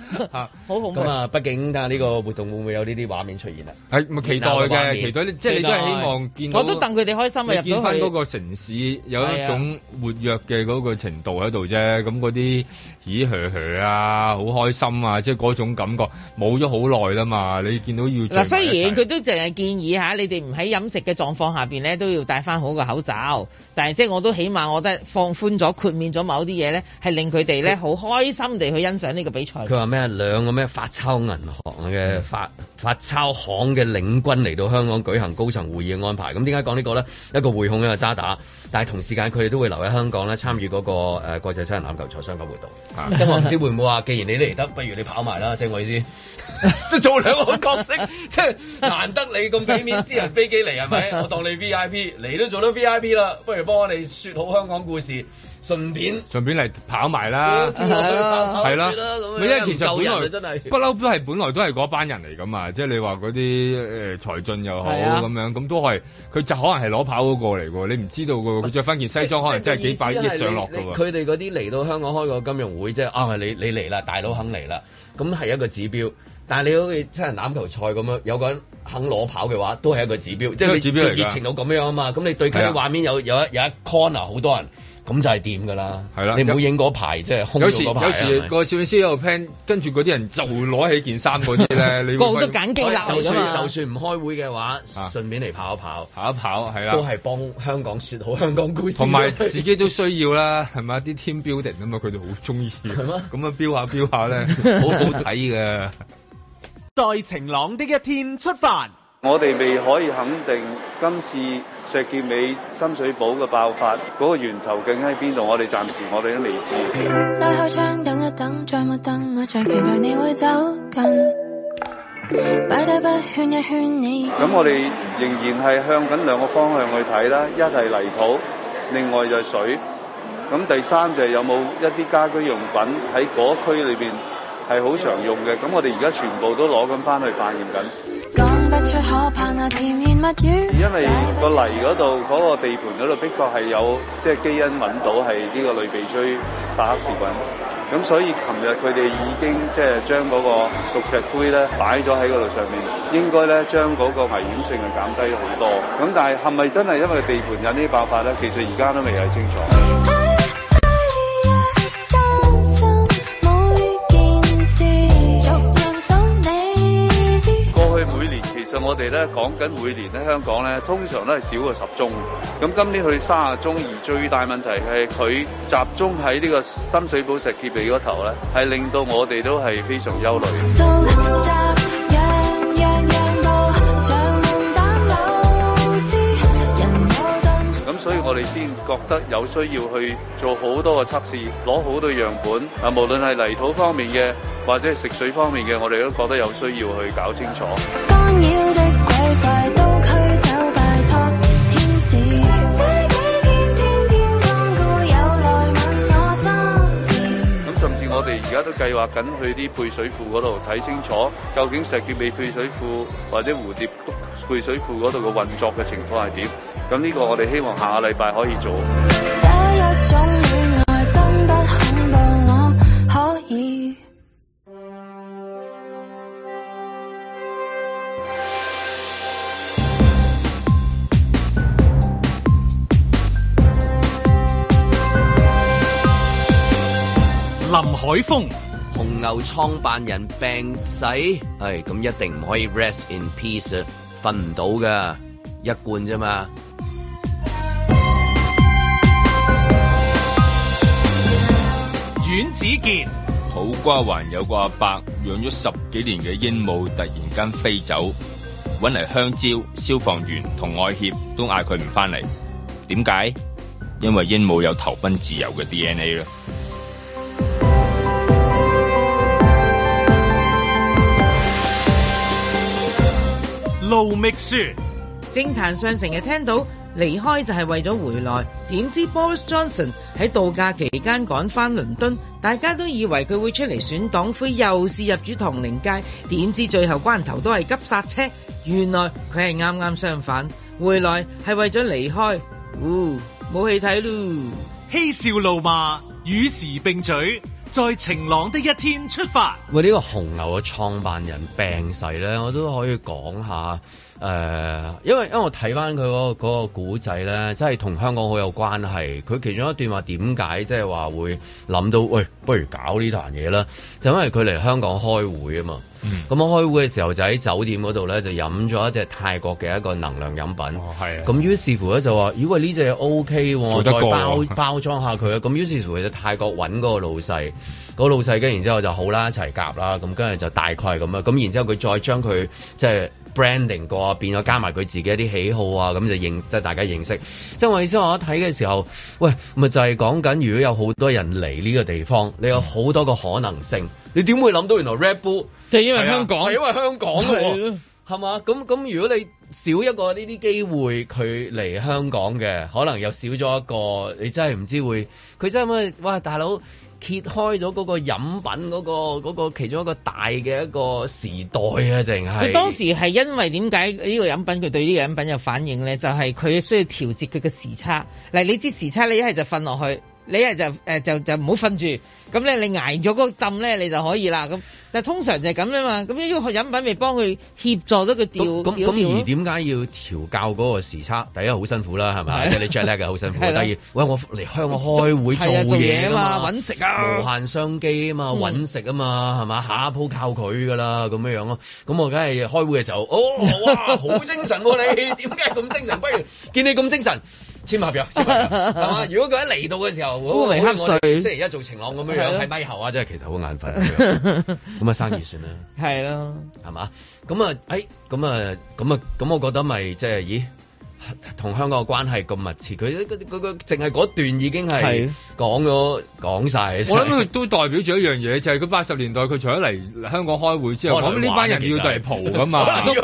好恐怖。啊，畢竟睇呢個活動會唔會有呢啲畫面出現啊、哎？期待嘅？期待，即係你都係希望見到，我都戥佢哋開心啊！入到去，見翻嗰個城市有一種活躍嘅嗰個程度喺度啫。咁嗰啲咦，嘻呵啊，好、那個、開心啊！即係嗰種感覺冇咗好耐啦嘛。你見到要嗱，雖然佢都淨係建議下。你哋唔喺飲食嘅狀況下邊咧，都要戴翻好個口罩。但係即係我都起碼，我覺得放寬咗豁免咗某啲嘢咧，係令佢哋咧好開心地去欣賞呢個比賽。佢話咩？兩個咩發鈔銀行嘅發、嗯、發鈔行嘅領軍嚟到香港舉行高層會議嘅安排。咁點解講呢個咧？一個匯控一個渣打，但係同時間佢哋都會留喺香港咧參與嗰個誒國際七人籃球賽相關活動。 <laughs> 嗯、我唔知會唔會話，既然你都嚟得，不如你跑埋啦，正我意思。即 <laughs> 係 <laughs> 做兩個角色，即 <laughs> 係難得你咁 <laughs> 私人飛機嚟係咪？我當你 V I P 嚟 <laughs> 都做到 V I P 啦，不如幫我哋說好香港故事，順便順便嚟跑埋啦，係啦、啊，係啦，咁、啊。因為其實本來不嬲都係本來都係嗰班人嚟㗎嘛，即係你話嗰啲誒財進又好咁、啊、樣，咁都係佢就可能係攞跑過嚟喎，你唔知道㗎喎，佢着翻件西裝可能真係幾百億上落㗎喎。佢哋嗰啲嚟到香港開個金融會，即係啊，你你嚟啦，大佬肯嚟啦，咁係一個指標。但係你好似七人欖球賽咁樣有個人肯攞跑嘅話，都係一個指標，即係佢指標嚟熱情到咁樣啊嘛，咁你對緊啲畫面有有，有，有一有一 corner 好多人，咁就係掂㗎啦。係啦，你唔好影嗰排即係空嗰排有時的有時、嗰個攝影師喺度 plan 跟住嗰啲人就攞起件衫嗰啲咧。嗰 <laughs> 個都緊記留就算唔開會嘅話、啊，順便嚟跑一跑，跑一跑係啦，都係幫香港説好香港故事還有。同 <laughs> 埋自己都需要啦，係咪？啲 team building 啊嘛，佢哋 <laughs> 好中意。係咩？咁啊標下標下咧，好好睇㗎。 <laughs> 在晴朗的一天出發。我哋未可以肯定今次石硤尾深水埗嘅爆發嗰、那個源頭究竟喺邊度？我哋暫時我哋都未知。拉開窗，等一等，再冇等，我在期待你會走近。擺低筆，圈一圈你。咁我哋仍然係向緊兩個方向去睇啦，一係泥土，另外就係水。咁第三就係有冇一啲家居用品喺嗰區裏面。係好常用嘅，咁我哋而家全部都攞緊返去化驗緊。因為個泥嗰度，嗰個地盤嗰度，的確係有即係基因搵到係呢個類鼻疽伯克氏菌，咁所以琴日佢哋已經即係將嗰個熟石灰呢擺咗喺嗰度上面，應該呢將嗰個危險性係減低咗好多。咁但係係咪真係因為地盤有呢啲爆發呢？其實而家都未係清楚。過去每年其實我哋咧，講緊每年咧，喺香港咧，通常都係少過十宗。咁今年去三十宗，而最大問題係佢集中喺呢個深水埗石硤尾嗰頭咧，係令到我哋都係非常憂慮。我哋先覺得有需要去做好多個測試，攞好多樣本。啊，無論係泥土方面嘅，或者係食水方面嘅，我哋都覺得有需要去搞清楚。咁甚至我哋而家都計劃緊去啲配水庫嗰度睇清楚，究竟石硤尾配水庫或者蝴蝶谷。配水庫嗰度嘅運作嘅情況係點？咁呢個我哋希望下個禮拜可以做。林海峰紅牛創辦人病死，係、哎、咁一定唔可以 rest in peace。瞓唔到噶，一罐啫嘛。阮子健，土瓜灣有個阿伯養咗十幾年嘅鸚鵡突然間飛走，搵嚟香蕉，消防員同外協都嗌佢唔翻嚟，點解？因為鸚鵡有投奔自由嘅 DNA 啦。盧覓雪，政壇上成日聽到離開就係為咗回來，點知 Boris Johnson 喺度假期間趕返倫敦，大家都以為佢會出嚟選黨魁，又是入主唐寧街，點知最後關頭都係急剎車，原來佢係啱啱相反，回來係為咗離開。嗚、哦、冇戲睇咯，嬉笑怒罵與時並舉。在晴朗的一天出發。喂，呢個紅牛嘅創辦人病逝咧，我都可以講下。誒，因為因為我睇翻佢嗰個嗰個古仔咧，真係同香港好有關係。佢其中一段話點解即係話會諗到？喂，不如搞呢壇嘢啦，就因為佢嚟香港開會啊嘛。咁、嗯、我開會嘅時候就喺酒店嗰度咧，就飲咗一隻泰國嘅一個能量飲品。咁、哦、於是乎咧就話，咦？喂，呢隻 O、OK, K，再包包裝下佢啊。咁於是乎就泰國揾嗰個老細，嗰、那個、老細跟，然之後就好啦，一齊夾啦。咁跟住就大概咁樣。咁然之後佢再將佢即係 branding 過，變咗加埋佢自己一啲喜好啊。咁就認，即、就、係、是、大家認識。即係我意思，我一睇嘅時候，喂，咪就係講緊，如果有好多人嚟呢個地方，你有好多個可能性。嗯你點會諗到原來 Red Bull？就係因為香港，係啊、係因為香港啊！係、就、嘛、係？咁咁，如果你少一個呢啲機會，佢嚟香港嘅，可能又少咗一個，你真係唔知會佢真係咩？哇！大佬揭開咗嗰個飲品嗰、嗰個嗰、嗰個嗰個、其中一個大嘅一個時代啊！淨係佢當時係因為點解呢個飲品佢對呢個飲品有反應咧？就係、係、佢需要調節佢嘅時差。嗱，你知時差，你一係就瞓落去。你就誒就就唔好瞓住，咁咧你挨咗個浸咧，你就可以啦咁。但通常就係咁啊嘛，咁呢個飲品咪幫佢協助咗佢調。咁咁而點解要調教嗰個時差？第一好辛苦啦，係咪、啊？你 jet lag 嘅好辛苦。第二， <laughs> 喂我嚟香港開會、啊、做嘢啊嘛，揾食啊，無限商機啊嘛，揾食啊嘛，係、嗯、嘛？下一鋪靠佢㗎啦，咁樣樣咯。咁我梗係開會嘅時候，哦哇好精神喎、啊、你，點解咁精神？不如見你咁精神。簽合別，係嘛？ <laughs> 如果佢一嚟到嘅時候，烏雲黑曬，即係而家做晴朗咁樣樣喺 <laughs> 咪後啊？即係其實好眼瞓，咁 <laughs> 啊生意算啦，係咯，係 <laughs> 嘛？咁啊，誒、哎，咁啊，咁啊，咁我覺得咪即係咦？同香港嘅關係咁密切，佢嗰嗰淨係嗰段已經係講咗講晒。我諗佢都代表咗一樣嘢，就係佢八十年代佢除咗嚟香港開會之後，我諗呢班人要嚟蒲㗎嘛。可能其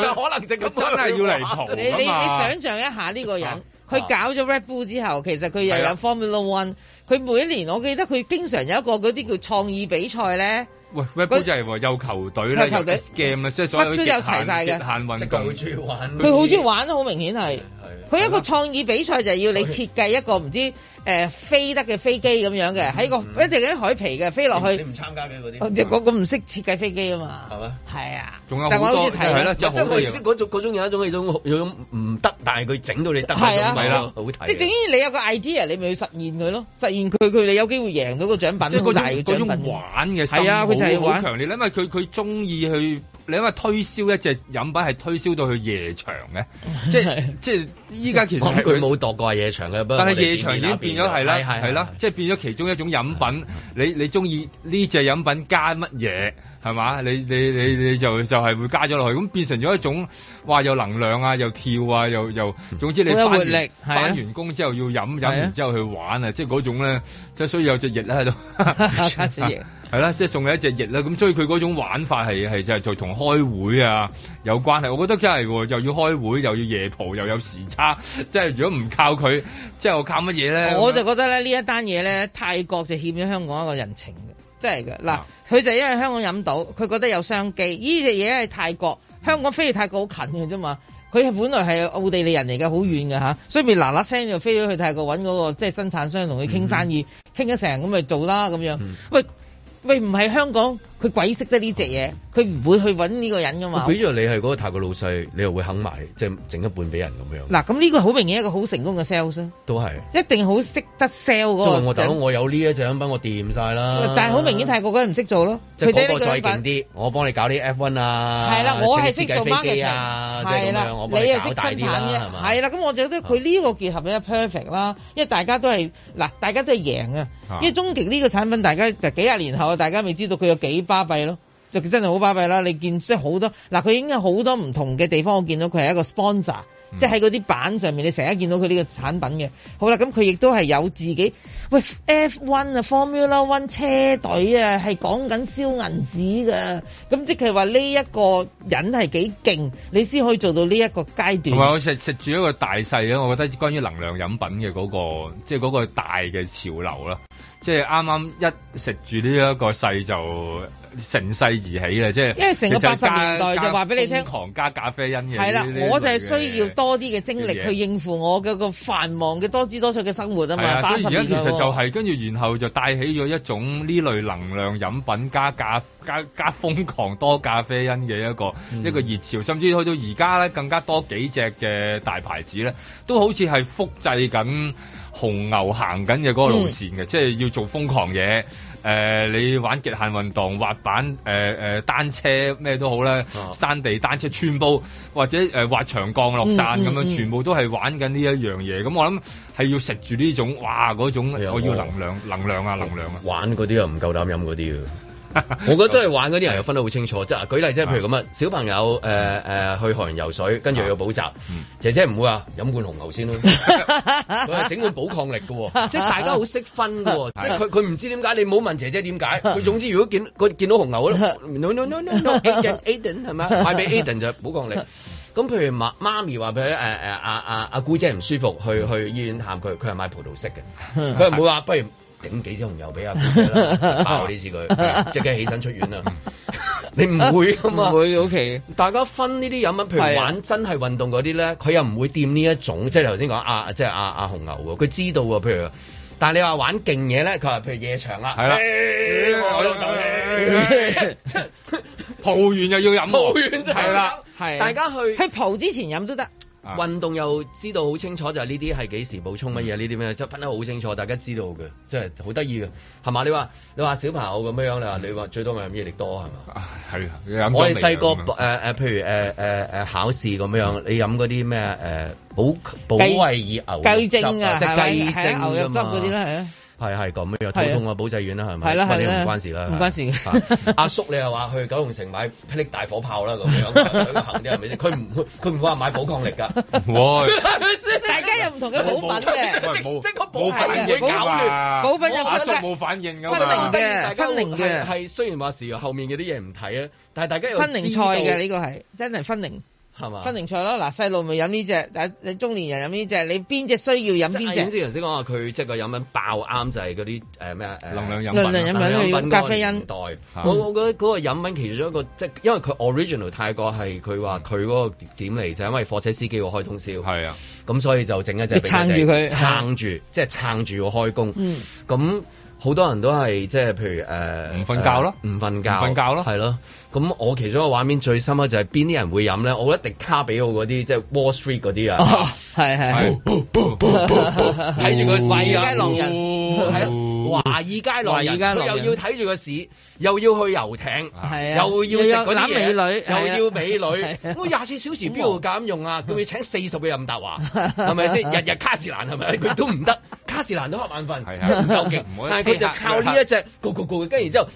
實可能就咁，真係要嚟蒲。你你你，你想像一下呢個人，佢 <laughs> 搞咗 Red Bull 之後，其實佢又有 Formula One。佢每一年我記得佢經常有一個嗰啲叫創意比賽咧。喂喂，嗰就係有球隊咧，球隊啊，即係所有啲嘢極限運動，佢好中意玩，佢好中意玩，好明顯係。佢一個創意比賽就係要你設計一個唔知誒飛得嘅飛機咁樣嘅，喺、嗯、個、嗯、一定嗰啲海皮嘅飛落去。你唔參加嘅嗰啲，我我唔識設計飛機啊嘛。係咪？係啊。仲有好多。係咯，即係嗰種嗰種有一種有一種唔得，但係佢整到你得咁啊，咪啦，好睇。即係總之你有個 idea，你咪去實現佢咯，實現佢佢哋有機會贏到個獎品。即大個獎品。玩嘅心。係啊。係好強烈，因為佢佢中意去。你話推銷一隻飲品係推銷到去夜場嘅，即係即依家其實佢冇度過夜場嘅，不過但係夜場已經變咗係啦，係啦，對對對即係變咗其中一種飲品。你你中意呢隻飲品加乜嘢係嘛？你你你你，你就就係、是、會加咗落去，咁變成咗一種話，有能量啊，又跳啊，又又總之你翻完、嗯、力翻完工之後要飲飲完之後去玩啊，即係嗰種咧，即、就、係、是、所以有隻翼啦喺度，隻翼 <laughs> 係 <laughs> 啦，即、就、係、是、送你一隻翼啦。咁所以佢嗰種玩法係就係做同。開會啊有關係，我覺得真係又要開會又要夜蒲又有時差，即係如果唔靠佢，即係我靠乜嘢咧？我就覺得咧呢一單嘢咧，泰國就欠咗香港一個人情嘅，真係嘅。嗱，佢、啊、就因為香港飲到，佢覺得有商機。呢隻嘢係泰國，香港飛，泰飛去泰國好近嘅啫嘛。佢本來係奧地利人嚟嘅，好遠嘅吓，所以咪嗱嗱聲就飛咗去泰國揾嗰個即係生產商同佢傾生意，傾咗成咁咪做啦咁樣。喂、嗯。喂，唔係香港，佢鬼識得呢隻嘢，佢唔會去揾呢個人噶嘛。比如話你係嗰個泰國老細，你又會肯買，即係整一半俾人咁樣。嗱，咁呢個好明顯一個好成功嘅 sales。都係。一定好識得 sell 嗰我，、即係我，即係、我，我有呢一隻品，我掂晒啦。但係好明顯，泰國嗰啲唔識做咯。佢嗰個再勁啲，我幫你搞啲 F1 啊。係啦，我係識做翻嗰隻。係、啊即係、啦。你又識生產嘅係嘛？係啦，咁我覺得佢呢個結合比較 perfect 啦，因為大家都係嗱，大家都係贏啊。因為終極呢個產品，大家就幾廿年後。大家未知道佢有幾巴閉咯，就真係好巴閉啦！你見即係好多嗱，佢已經有好多唔同嘅地方，我見到佢係一個 sponsor，、嗯、即係喺嗰啲板上面，你成日見到佢呢個產品嘅。好啦，咁佢亦都係有自己喂 F1 啊 Formula One 車隊啊，係講緊燒銀紙噶。咁即係話呢一個人係幾勁，你先可以做到呢一個階段。唔係我食食住一個大細啊！我覺得關於能量飲品嘅嗰、那個，即係嗰個大嘅潮流啦。即係啱啱一食住呢一個勢就乘勢而起啦！即係，因為成個八十年代就話俾你聽，加瘋狂加咖啡因嘅。係啦，我就係需要多啲嘅精力去應付我嗰個繁忙嘅多姿多彩嘅生活啊嘛！八十年代。所以而家其實就係跟住，啊、然後就帶起咗一種呢類能量飲品加咖加加瘋狂多咖啡因嘅一個、嗯、一個熱潮，甚至去到而家咧，更加多幾隻嘅大牌子咧，都好似係複製緊。紅牛行緊嘅嗰個路線嘅、嗯，即係要做瘋狂嘢。誒、呃，你玩極限運動、滑板、誒、呃、誒、呃、單車咩都好啦、啊，山地單車穿煲，或者、呃、滑翔降落傘咁樣、嗯嗯嗯，全部都係玩緊呢一樣嘢。咁我諗係要食住呢種，哇嗰種，我要能量、哎，能量啊，能量啊！玩嗰啲又唔夠膽飲嗰啲啊！ <laughs> 我覺得真係玩嗰啲人又分得好清楚，即係舉例，即係譬如咁啊，小朋友、呃呃、去學完游水，跟住要補習，嗯、姐姐唔會啊飲罐紅牛先咯、啊，佢 <laughs> 係整罐補抗力嘅、哦， <laughs> 即係大家好識分喎、哦。 <laughs> 即係佢佢唔知點解，你冇問姐姐點解，佢總之如果見,見到紅牛咧 <laughs> ，no no no no no，Aiden Aiden 係咪？買俾 Aiden 就補抗力，咁譬如媽媽咪話，譬如：啊「阿阿阿姑姐唔舒服，去去醫院探佢，佢係買葡萄色嘅，佢 <laughs> 唔會話不如。頂幾支紅牛俾阿 B 啦，爆啲次佢， <laughs> 即刻起身出院啦！ <laughs> <laughs> 你唔會噶嘛？唔會，OK。大家分呢啲飲品，譬如玩真係運動嗰啲咧，佢、啊、又唔會掂呢一種，即係頭先講阿即係阿阿紅牛喎。佢知道喎，譬如，但係你話玩勁嘢咧，佢話譬如夜場啦，係 <laughs> 啦對了， <laughs> 我用酒氣，蒲 <laughs> <laughs> 完又要飲，蒲 <laughs> 完就係啦，係、啊，大家去去蒲之前飲都得。啊、運動又知道好清楚，就係呢啲係幾時補充乜嘢呢啲咩？即、嗯、係分得好清楚，大家知道嘅，即係好得意嘅，係咪？你話你話小朋友咁樣啦、嗯，你話最多咪飲益力多係咪？係，啊啊、我哋細個誒譬如誒、啊啊啊、考試咁樣，嗯、你飲嗰啲咩誒保保衛爾牛汁啊，即係雞精牛肉汁嗰啲啦，係係係咁嘅，肚痛啊，保濟丸啦，係咪？係啦係啦，唔、啊、關事啦，唔、啊啊、關事、啊。阿、啊、叔你又話去九龍城買霹靂大火炮啦，咁樣 <laughs> 行啲人咪？佢唔佢唔會話買保抗力噶，唔會 <laughs> 、啊。大家有唔同嘅保品嘅，即個保品嘢搞啊，保品有冇反應嘅？分零嘅，分零嘅。係雖然話時後面嗰啲嘢唔睇啊，但係大家有分零菜嘅呢個係真係分零。分齡菜囉，嗱，細路咪飲呢隻，但你中年人飲呢隻，你邊隻需要飲邊隻？總之，頭先講話佢即係個飲品爆啱就係嗰啲誒咩誒能量飲品、能量飲品啊、呃，咖啡因袋。我我覺得嗰個飲品其中一個即係、就是就是、因為佢 original 泰國係佢話佢嗰個點嚟就係因為貨車司機要開通宵咁、啊、所以就整一隻你撐住佢撐住，即、就、係、是、撐住個開工。咁、嗯。好多人都係即係，譬如誒，唔、呃、瞓覺咯，唔、呃、瞓覺，瞓覺咯，係咯。咁我其中一個畫面最深刻就係邊啲人會飲咧？我覺得迪卡比我嗰啲，即係 Wall Street 嗰啲人，係係係，睇住個《細階狼人 <laughs> 》。華爾街老人，街人又要睇住個市，又要去遊艇，啊，又要食嗰啲，又美女、啊，又要美女，我廿四小時邊度敢用啊？佢、嗯、佢請四十個任達華？係咪先？日日卡士蘭係咪？佢都唔得，卡士蘭都瞌眼瞓，唔夠、啊、 <laughs> 但係佢就靠呢一隻，嗰嗰嗰，跟住之後，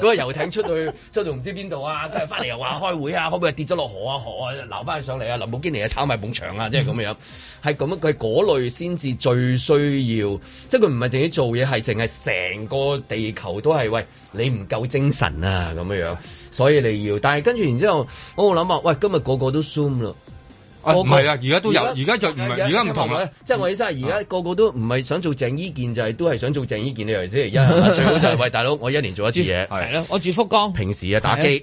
嗰 <laughs> 個遊艇出去，出到唔知邊度啊！跟住翻嚟又話開會啊，可唔可以跌咗落河啊？河啊，流翻上嚟啊！林寶堅尼啊，炒埋埲牆啊！即係咁樣，係咁啊！佢嗰類先至最衰。需要，即係佢唔係淨係做嘢，係淨係成個地球都係喂你唔夠精神啊咁樣樣，所以你要。但係跟住然之後，我諗啊，喂，今日個個都 zoom 咯。個唔係啊！而家都有，而家就唔係，而家唔同啦、嗯。即係我意思係，而家個個都唔係想做鄭伊健，就係、是、都係想做鄭伊健呢樣嘢先。而最好就係、是、 <laughs> 喂，大佬我一年做一次嘢。係、啊、我住福江，平時啊打機，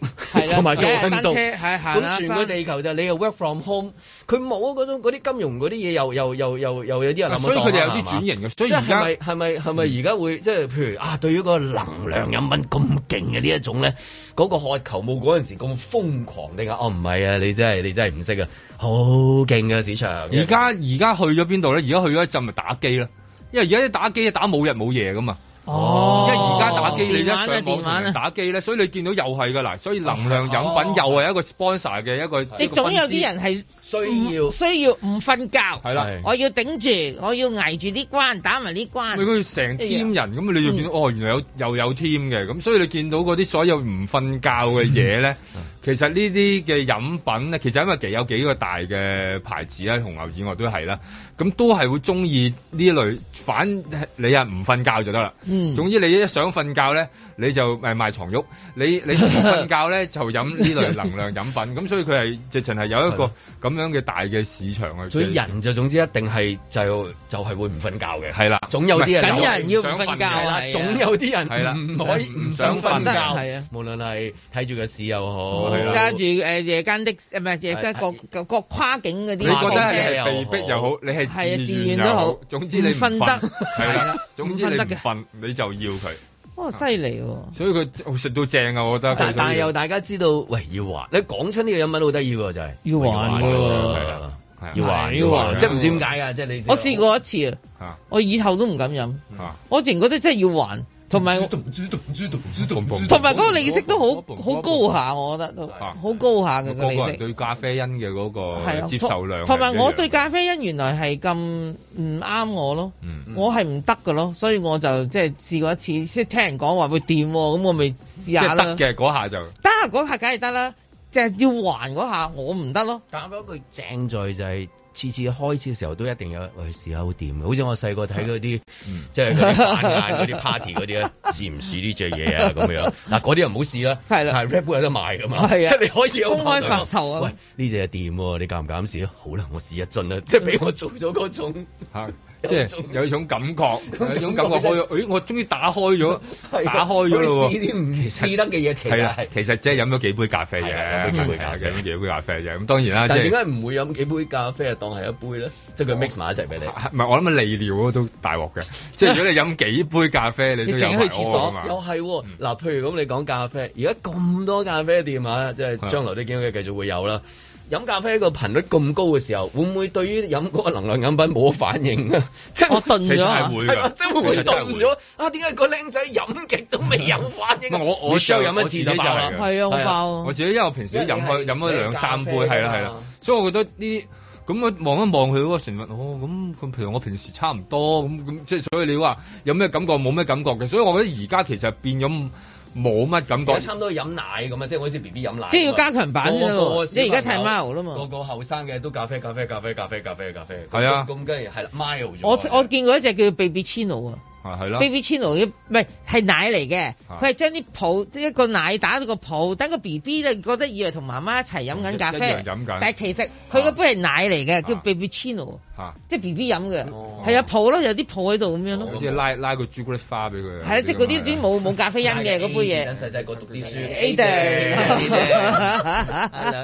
同埋、啊、做運動。咁，行啊、全個地球你就你又 work from home，佢冇嗰種嗰啲金融嗰啲嘢，又又又又又有啲人諗、啊。所以佢哋有啲轉型嘅。即係係咪係咪係咪而家會即係譬如啊，對於個能量飲品咁勁嘅呢一種咧？嗰、那個渴求冇嗰陣時咁瘋狂定啊？哦唔係啊，你真係你真係唔識啊！哦好勁嘅市場，而家而家去咗邊度咧？而家去咗一陣咪打機囉，因為而家啲打機打冇日冇夜噶嘛。哦，因為而家打機，你一上網打機咧，所以你見到又係㗎喇，所以能量飲品又係一個 sponsor 嘅一個。你總有啲人係需要，需要唔瞓覺。係啦，我要頂住，我要捱住啲關，打埋啲關。你見成 team 人咁你就見、嗯、哦，原來有又有 team 嘅，咁所以你見到嗰啲所有唔瞓覺嘅嘢咧，其實呢啲嘅飲品咧，其實因為有幾個大嘅牌子啦，紅牛以外都係啦，咁都係會中意呢類反你啊唔瞓覺就得啦。嗯總之你一想瞓覺咧，你就誒賣床褥；你你唔瞓覺咧就飲呢類能量飲品。咁所以佢係直情係有一個咁樣嘅大嘅市場啊！所以人就總之一定係就就係會唔瞓覺嘅，係啦，總有啲人想瞓嘅，總有啲人係啦，唔想唔想瞓覺，係啊，無論係睇住個市又好，揸住誒夜間的誒唔係夜間各各跨境嗰啲，你覺得係被逼又好，你係係啊，自願都好，總之你唔瞓得係啦，總之你唔瞓。你就要佢，哇、哦！犀利、啊，所以佢食到正啊！我覺得但，但但又大家知道，喂，要還，你講出呢個飲品好得意喎，就係要還，係啦，要還，要還、啊，即係唔知點解㗎，即、啊、係你，我試過一次，啊，我以後都唔敢飲、啊，我淨覺得即係要還。同埋，同埋嗰個利息都好好高下，我覺得都好高下嘅、啊那個利息。對咖啡因嘅嗰個接受量，同埋、啊、我對咖啡因原來係咁唔啱我咯，嗯、我係唔得嘅咯，所以我就即係試過一次，即係聽人講話會掂，咁、嗯、我咪試下啦。係得嘅嗰下就得，嗰下梗係得啦，即係要還嗰下我唔得咯。講嗰句正在就係、是。次次開始嘅時候都一定有，喂試下好掂。好似我細個睇嗰啲，即係嗰啲晚嗰啲 party 嗰啲咧，試唔試呢隻嘢啊咁樣？嗱，嗰啲又唔好試啦，係啦，係 rap 有得賣㗎嘛，即係你開始有公開發售啊、這個、啊。喂，呢隻係掂喎，你敢唔敢試啊？好啦，我試一樽啦，即係俾我做咗嗰種。 <laughs> <laughs> 即係有一種感，種感覺，有一種感覺開，誒、就是哎！我終於打開咗，打開咗咯喎。試唔得嘅嘢，其實其實即係飲咗幾杯咖啡嘅，幾杯咖啡嘅。咁、嗯、當然啦，即係點解唔會飲幾杯咖啡當係一杯咧？即係佢 mix 埋一齊俾你。唔、啊、係、啊，我諗啊，利尿都大鑊嘅。 <laughs> 即係如果你飲幾杯咖啡， <laughs> 你都去廁所啊又係嗱，譬如咁，你講、啊、咖啡，而家咁多咖啡店啊，即、就、係、是、將來啲咁嘅繼續會有啦。飲咖啡個頻率咁高嘅時候，會唔會對於飲嗰個能量飲品冇反應？ <laughs> 即係我頓咗，係會即係會凍咗啊！點解個僆仔飲極都未有反應？我我想飲一次就係啊，好爆！我自己，我自己、啊啊啊啊啊啊、因為我平時都飲開兩三杯，係啦係啦，所以我覺得呢咁我望一望佢嗰個成分，哦咁佢譬如我平時差唔多咁咁，即係所以你話有咩感覺冇咩感覺嘅？所以我覺得而家其實變咗。冇乜感覺，差唔多奶寶寶飲奶咁啊，即係我似 B B 飲奶，即係要加強版啦，即係而家太 mild 啦嘛，個個後生嘅都咖啡咖啡咖啡咖啡咖啡咖啡，係啊，咁梗係係啦，mild，我我見過一隻叫 B B cino 㗎啊。啊，係咯，B B Cino h、啊、一唔係係奶嚟嘅，佢係將啲泡，一個奶打到個泡，等個 B B 咧覺得以為同媽媽一齊飲緊咖啡，但係其實佢嗰杯係奶嚟嘅，啊，叫 B B Cino，h 吓、啊，即係 B B 飲嘅，係啊泡咯，有啲泡喺度咁樣咯，即係拉拉個朱古力花俾佢，係啊，即係嗰啲冇冇咖啡因嘅嗰杯嘢，細仔個 Aiden, 小小時讀啲書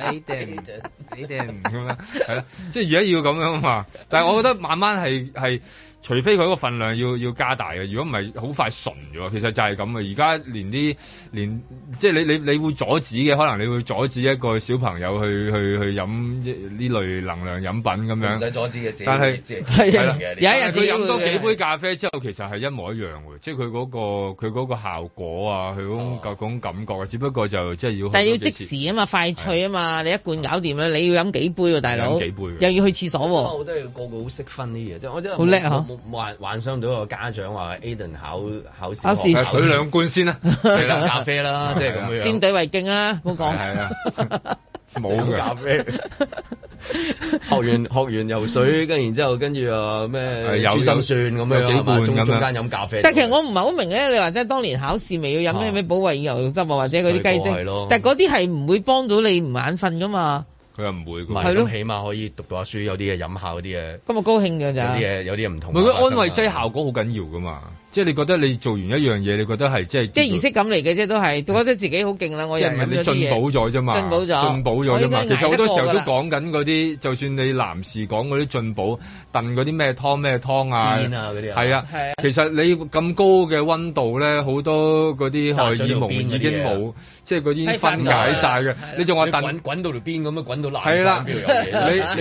，Aiden，Aiden，咁樣，係啦，即係而家要咁樣啊嘛，但係我覺得慢慢係係。除非佢嗰個份量要要加大嘅，如果唔係好快純咗。其實就係咁啊。而家連啲連即係你你你會阻止嘅，可能你會阻止一個小朋友去去去飲呢類能量飲品咁樣。唔使阻止嘅，但係有一日佢飲多幾杯咖啡之後，是其實係一模一樣喎。即係佢嗰個佢嗰個效果啊，佢、啊、嗰種感覺啊，只不過就即係要但係要即時啊嘛，快脆啊嘛！你一罐搞掂啦、啊，你要飲幾杯喎、啊，大佬？飲幾杯？又要去廁所喎、啊。我都係個個好識分啲嘢，即係我真係好叻啊。冇幻想到個家長話 Aden 考考，考試，佢兩罐先啦，即係咖啡啦，即係咁樣先對為敬啊！冇講，冇嘅、啊，就是、咖啡 <laughs> 學完學完游水，跟然之後跟住又咩有心算。咁樣，幾罐中間飲咖啡。但其實我唔係好明咧，你話即係當年考試咪要飲咩咩保衛牛肉汁啊，或者嗰啲雞精，啊、但係嗰啲係唔會幫到你唔眼瞓噶嘛。佢又唔會，咁起碼可以讀到下書，有啲嘢飲下嗰啲嘢，咁日高興㗎。咋？有啲嘢有啲嘢唔同，佢安慰劑效果好緊要噶嘛？即係你覺得你做完一樣嘢，你覺得係即係即係儀式感嚟嘅，即係都係覺得自己好勁啦！我又做咗嘢。你進補咗啫嘛？進補咗，進補咗啫嘛！其實好多時候都講緊嗰啲，就算你男士講嗰啲進補燉嗰啲咩湯咩湯啊，係啊，嗰啲啊，係啊，係啊，其實你咁高嘅溫度咧，好多嗰啲荷爾蒙已經冇，啊，即係啲已經分解晒嘅，啊。你仲話燉滾到條邊咁樣滾到爛係啦！你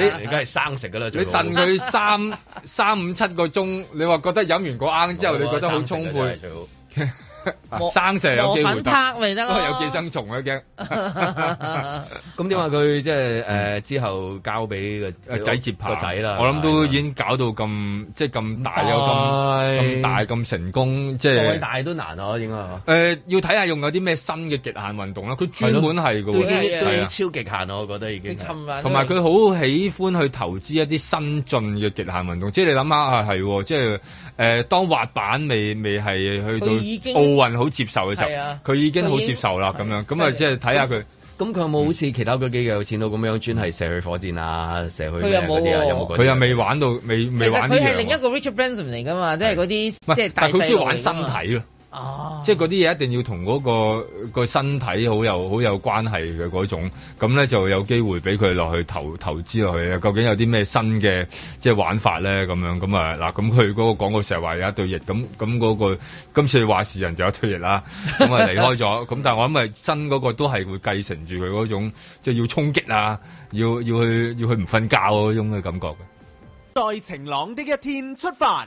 你而家係生食㗎啦！你燉佢 <laughs> 三 <laughs> 三,三五七個鐘，你話覺得飲完個羹之後， <laughs> 之後你覺得都好充沛。生石有機會拍咪得咯，有寄生蟲啊驚。咁點話佢即係誒之後交俾個仔接拍個仔啦。我諗都已經搞到咁即係咁、嗯、大有咁咁大咁成功，即係再大都難啊應該。誒、呃，要睇下用嗰啲咩新嘅極限運動啦。佢專門係嘅，對對，對，對，對，對超極限我覺得已經。同埋佢好喜歡去投資一啲新進嘅極限運動，即係你諗下啊係，即係誒、呃、當滑板未未係去到。好運好接受嘅時候，佢、啊、已經好接受啦，咁樣咁啊，即係睇下佢。咁佢、嗯、有冇好似其他嗰幾個有錢佬咁樣，專係射去火箭啊，射去啲啊，啊？有冇，啊？佢又未玩到，未未玩其實佢係另一個 Richard Branson 嚟噶嘛，即係嗰啲即係大好中意玩身體咯。啊！ <music> 即係嗰啲嘢一定要同嗰個個身體好有好有關係嘅嗰種，咁咧就有機會俾佢落去投投資落去。究竟有啲咩新嘅即係玩法咧？咁樣咁啊嗱，咁佢嗰個廣告成日話有一對翼，咁咁嗰個今次話事人就有一對翼啦，咁啊離開咗。咁 <laughs> 但係我諗係新嗰個都係會繼承住佢嗰種即係、就是、要衝擊啊，要要去要去唔瞓覺嗰、啊、種嘅感覺嘅。在晴朗的一天出發。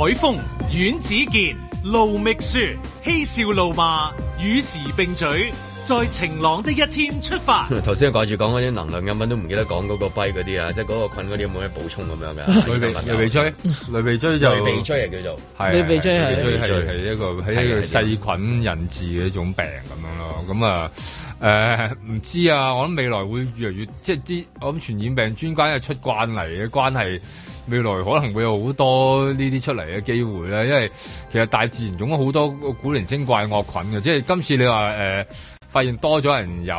海風，阮子健、盧覓雪，嬉笑怒罵，與時並嘴，在晴朗的一天出發。頭先掛住講嗰啲能量飲品都唔記得講嗰個跛嗰啲啊，即係嗰個菌嗰啲有冇咩補充咁樣噶？類鼻類鼻疽，類鼻疽就類鼻疽係叫做，類鼻疽係一個喺一細菌引致嘅一種病咁樣咯。咁、嗯、啊，誒、嗯、唔、呃、知道啊，我諗未來會越嚟越，即係啲我諗傳染病專家又出關嚟嘅關係。未來可能會有好多呢啲出嚟嘅機會咧，因為其實大自然種咗好多古靈精怪惡菌嘅，即係今次你話、呃、發現多咗人有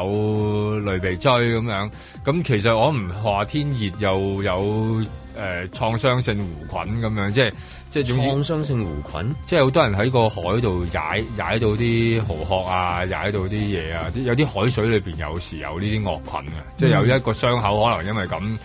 類鼻疽咁樣，咁其實我唔話天熱又有。誒、呃、創傷性弧菌咁樣，即係即係總之創傷性弧菌，即係好多人喺個海度踩踩到啲蠔殼啊，踩到啲嘢啊，啲有啲海水裏面有時有呢啲惡菌啊，嗯、即係有一個傷口，可能因為咁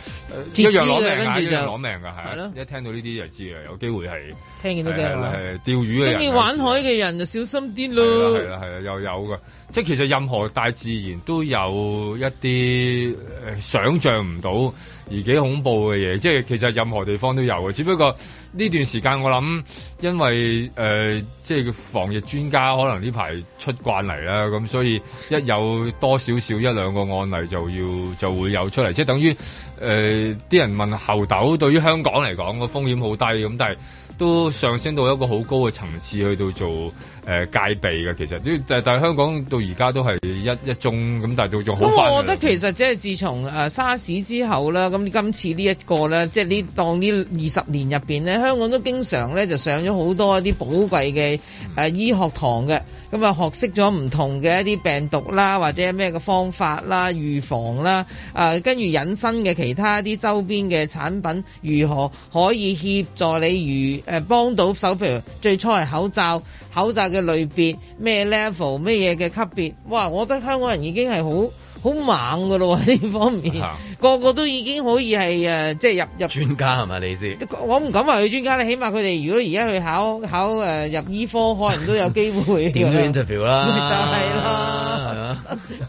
一樣攞、呃、命、啊就命啊就啊啊，一樣攞命㗎，係。一聽到呢啲就知啊，有機會係聽見到嘅係釣魚中意玩海嘅人就、啊、小心啲咯。係啦、啊，係啊、啊、啊，又有㗎。即係其實任何大自然都有一啲、呃、想像唔到。而幾恐怖嘅嘢，即係其實任何地方都有嘅，只不過呢段時間我諗，因為、呃、即係防疫專家可能呢排出慣嚟啦，咁所以一有多少少一兩個案例就要就會有出嚟，即係等於誒啲、呃、人問猴痘對於香港嚟講個風險好低咁，但係，都上升到一個好高嘅層次，去到做誒、呃、戒備嘅其實，即但係香港到而家都係一一中咁，但係都仲好。我覺得其實即係自從誒、呃、沙士之後啦，咁今次這、就是、這這呢一個咧，即係呢當呢二十年入邊咧，香港都經常咧就上咗好多一啲寶貴嘅誒、呃嗯、醫學堂嘅。咁啊，學識咗唔同嘅一啲病毒啦，或者咩嘅方法啦、預防啦，啊、呃，跟住引申嘅其他一啲周邊嘅產品，如何可以協助你，如、呃、誒幫到手，譬如最初係口罩，口罩嘅類別咩 level 咩嘢嘅級別？哇！我覺得香港人已經係好～好猛噶咯喎！呢方面、啊、個個都已經可以係誒、呃，即係入入專家係嘛？你先，我唔敢話佢專家咧，起碼佢哋如果而家去考考誒、呃、入醫科，可能都有機會點 <laughs> Interview 啦，就係啦，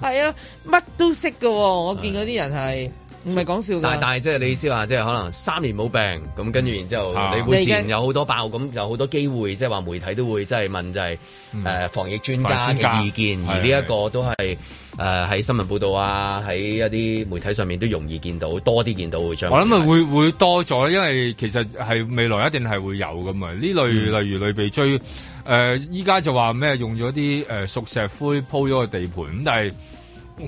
係啊，乜、 <laughs> 啊、都識嘅喎！我見嗰啲人係。唔係講笑，但但係即係你意思話，即係可能三年冇病咁，跟住然之後，後你會自然有好多爆，咁有好多機會，即係話媒體都會即係問、就係，就、嗯、係防疫專家嘅意見，而呢一個都係誒喺新聞報道啊，喺一啲媒體上面都容易見到，多啲見到會將體。我諗啊，會會多咗，因為其實係未來一定係會有㗎嘛！呢類例如類別追誒，依、呃、家就話咩用咗啲、呃、熟石灰鋪咗個地盤咁，但係。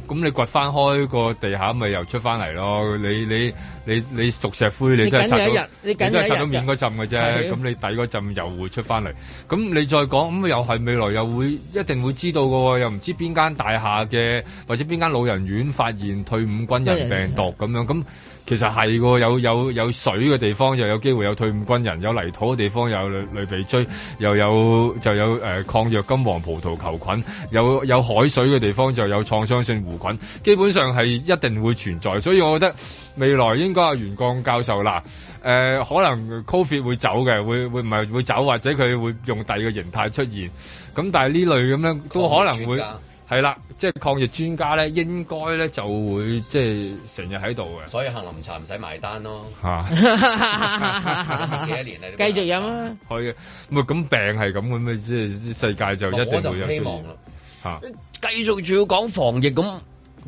咁你掘翻開個地下，咪又出翻嚟咯？你你你你，你熟石灰，你都係殺到，你都係殺到面嗰浸嘅啫。咁你底嗰浸又會出翻嚟。咁你再講，咁又係未來又會一定會知道嘅喎。又唔知邊間大廈嘅或者邊間老人院發現退伍軍人病毒咁樣。咁其實係喎，有有有水嘅地方又有機會有退伍軍人；有泥土嘅地方有類鼻疽，又有就有、呃、抗藥金黃葡萄球菌。有有海水嘅地方就有創傷性。壺菌基本上係一定會存在，所以我覺得未來應該阿袁國勇教授啦，誒、呃、可能 Covid 會走嘅，會會唔係會走，或者佢會用第二個形態出現。咁但係呢類咁樣都可能會係啦，即係抗疫專家咧，家應該咧就會即係成日喺度嘅。所以杏林茶唔使埋單咯。吓，幾多年嚟，繼續飲啊！可以，咪咁病係咁嘅，即係世界就一定會有出現希望咯。吓、啊，繼續仲要講防疫咁，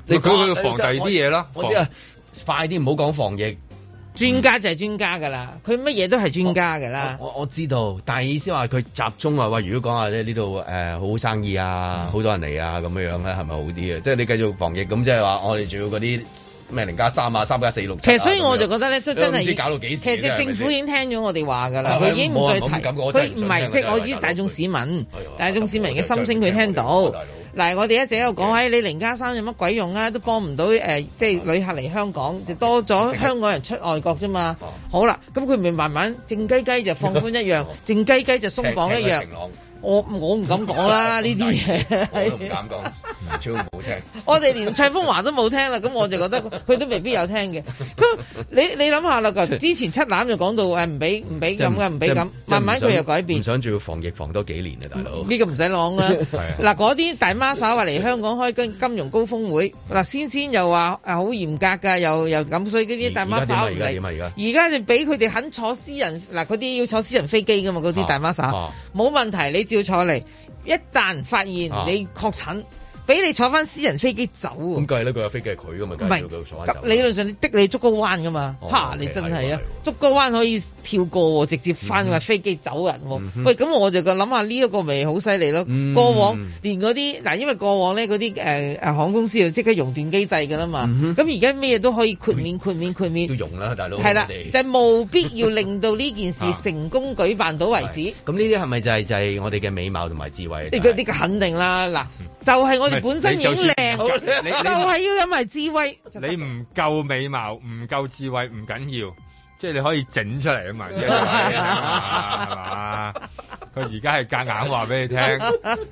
你講佢防第二啲嘢啦。我知啊，快啲唔好講防疫。專家就係專家㗎啦，佢乜嘢都係專家㗎啦。我我，我知道，但係意思話佢集中啊，喂，如果講下呢度誒好好生意啊，好、嗯、多人嚟啊，咁樣咧係咪好啲啊？即、就、係、是、你繼續防疫咁，即係話我哋仲要嗰啲。咩零加三啊，三加四六、啊。其實所以我就覺得咧，都真係要。其實政府已經聽咗我哋話噶啦，佢、啊、已經唔再提。佢唔係即我依啲大眾市民，大眾市民嘅心聲佢聽到。嗱、啊啊啊啊啊啊，我哋一直喺度講喺你零加三有乜鬼用啊？都幫唔到、呃、即係旅、啊、客嚟香港，啊、就多咗香港人出外國啫嘛、啊。好啦，咁佢咪慢慢靜雞就、啊、雞就放寬一樣，靜、啊、雞、啊、雞就鬆綁一樣。我我唔敢講啦，呢啲嘢都唔敢講，完全冇聽。我哋連蔡風華都冇聽啦，咁 <laughs> 我就覺得佢都未必有聽嘅 <laughs> 你你諗下啦，之前七欖就講到誒唔俾唔俾咁嘅，唔俾咁，慢慢佢又改變。唔想仲要防疫防多幾年啊，大佬！呢、呢個唔使講啦。嗱 <laughs> 是的，嗰 <laughs> 啲大孖沙話嚟香港開金，金融高峰會，嗱， <laughs> 先先又話誒好嚴格㗎，又又咁，所以嗰啲大孖沙而家就俾佢哋肯坐私人嗱，嗰啲要坐私人飛機㗎嘛，嗰啲大孖沙冇、啊啊、問題，你。照坐嚟，一旦發現你確診。啊俾你坐翻私人飛機走，咁計咧？佢架飛機係佢噶嘛？唔係，理論上你的你捉個彎噶嘛？嚇、oh, okay, 啊！你真係啊，捉、right, right. 個彎可以跳過、哦，直接翻個飛機走人、哦。Mm -hmm. 喂，咁我就想想、這個諗下呢一個咪好犀利咯？Mm -hmm. 過往連嗰啲嗱，因為過往呢嗰啲誒誒航空公司就即刻熔斷機制噶啦嘛。咁而家咩都可以豁免、豁免、豁免。要熔啦，大佬。係啦，就冇、是、必要令到呢件事成功舉辦到為止。咁呢啲係咪就係就係我哋嘅美貌同埋智慧？呢、就、嘅、是、肯定啦，嗱，就係、是、我哋。 <laughs> 本身已經靚你就係要因為智慧。你唔夠美貌，唔夠智慧唔緊要，即係你可以整出嚟啊嘛，係 <laughs> 嘛對吧？佢而家係夾硬話俾你聽，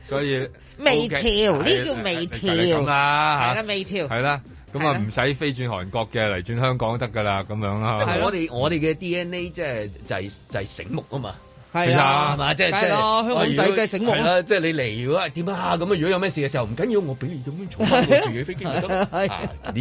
所以微調呢、OK, 叫微調，係啦，微調，係啦、啊，咁啊唔使飛轉韓國嘅嚟轉香港得噶啦，咁樣、就是、們是啊。我哋我哋嘅 DNA 即係就係、是、就係、是就是、醒目啊嘛。係啦、啊，嘛即係即係香港仔即係醒目，啦，即係你嚟如果點啊咁啊，如果有咩事嘅時候，唔緊要，我俾你點樣坐住，住嘅飛機呢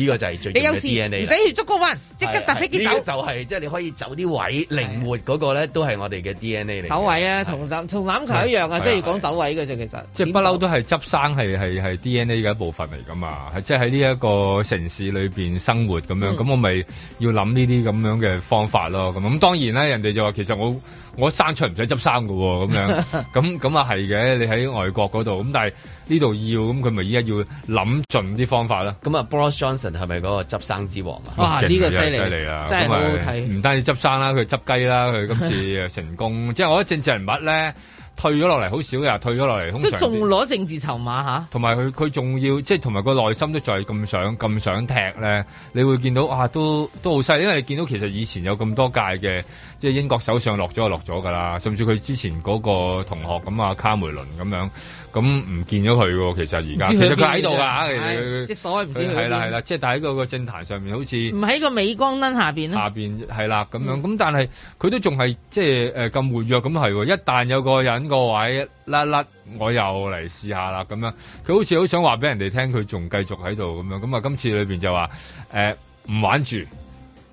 個就係最。你有事唔使去捉高翻，即刻搭飛機走。就係即係你可以走啲位靈活嗰個咧、那個，都係我哋嘅 DNA 嚟。走位啊，同同籃球一樣是啊，即係講走位嘅啫、啊，其實。是啊、即係不嬲都係執生係係係 DNA 嘅一部分嚟噶嘛，即係喺呢一個城市裏邊生活咁咁、嗯、我咪要諗呢啲咁嘅方法咯。咁咁當然人哋就話其實我。我生出唔使執生噶喎，咁樣咁咁啊，係 <laughs> 嘅。你喺外國嗰度咁，但係呢度要咁，佢咪依家要諗盡啲方法啦。咁 <laughs> 啊，Boris Johnson 係咪嗰個執生之王啊？哇！呢個犀利犀利啊，真係好睇。唔單止執生啦，佢執雞啦，佢今次成功。 <laughs> 即係我覺得政治人物咧退咗落嚟，好少有人退咗落嚟。即係仲攞政治籌碼嚇。同埋佢佢仲要即係同埋個內心都仲係咁想咁想踢咧，你會見到啊都都好犀利，因為你見到其實以前有咁多屆嘅。即係英國首相落咗就落咗㗎啦，甚至佢之前嗰個同學咁啊卡梅倫咁樣，咁唔見咗佢喎。其實而家其實佢喺度㗎，即係所謂唔知佢。係啦係啦，即係、啊啊、但喺個政壇上面好似唔喺個鎂光燈下面呢，下邊係啦咁樣，咁、啊、但係佢都仲係即係咁活躍，咁係一旦有個人個位甩甩，我又嚟試下啦咁樣。佢好似好想話俾人哋聽，佢仲繼續喺度咁樣。咁啊，今次裏邊就話欸、唔玩住，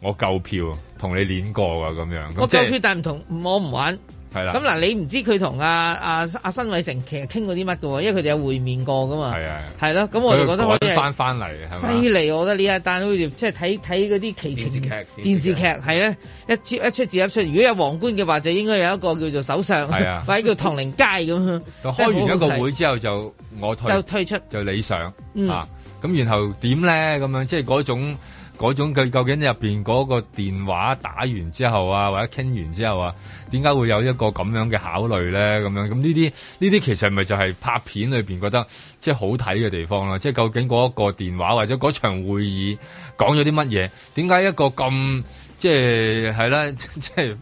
我夠票。同你練過啊，咁樣，我救票、就是，但唔同，我唔玩。係啦，咁嗱、啊，你唔知佢同阿阿阿申偉成其實傾過啲乜嘅，因為佢哋有會面過噶嘛。係啊，係咯，咁、嗯、我就覺得可以。翻翻嚟，犀利。我覺得呢一單好似即係睇睇嗰啲劇情、電視劇係咧一接一出字一,一出。如果有皇冠嘅話，就應該有一個叫做首相，或者叫唐寧街。咁樣。開完一個會之後就我退，就退出就理想、嗯、啊！咁然後點咧？咁樣即係嗰種。嗰種佢究竟入面嗰個電話打完之後啊，或者傾完之後啊，點解會有一個咁樣嘅考慮咧？咁樣咁呢啲呢啲其實咪就係拍片裏面覺得即係好睇嘅地方咯，即係究竟嗰個電話或者嗰場會議講咗啲乜嘢？點解一個咁？即係係啦，即係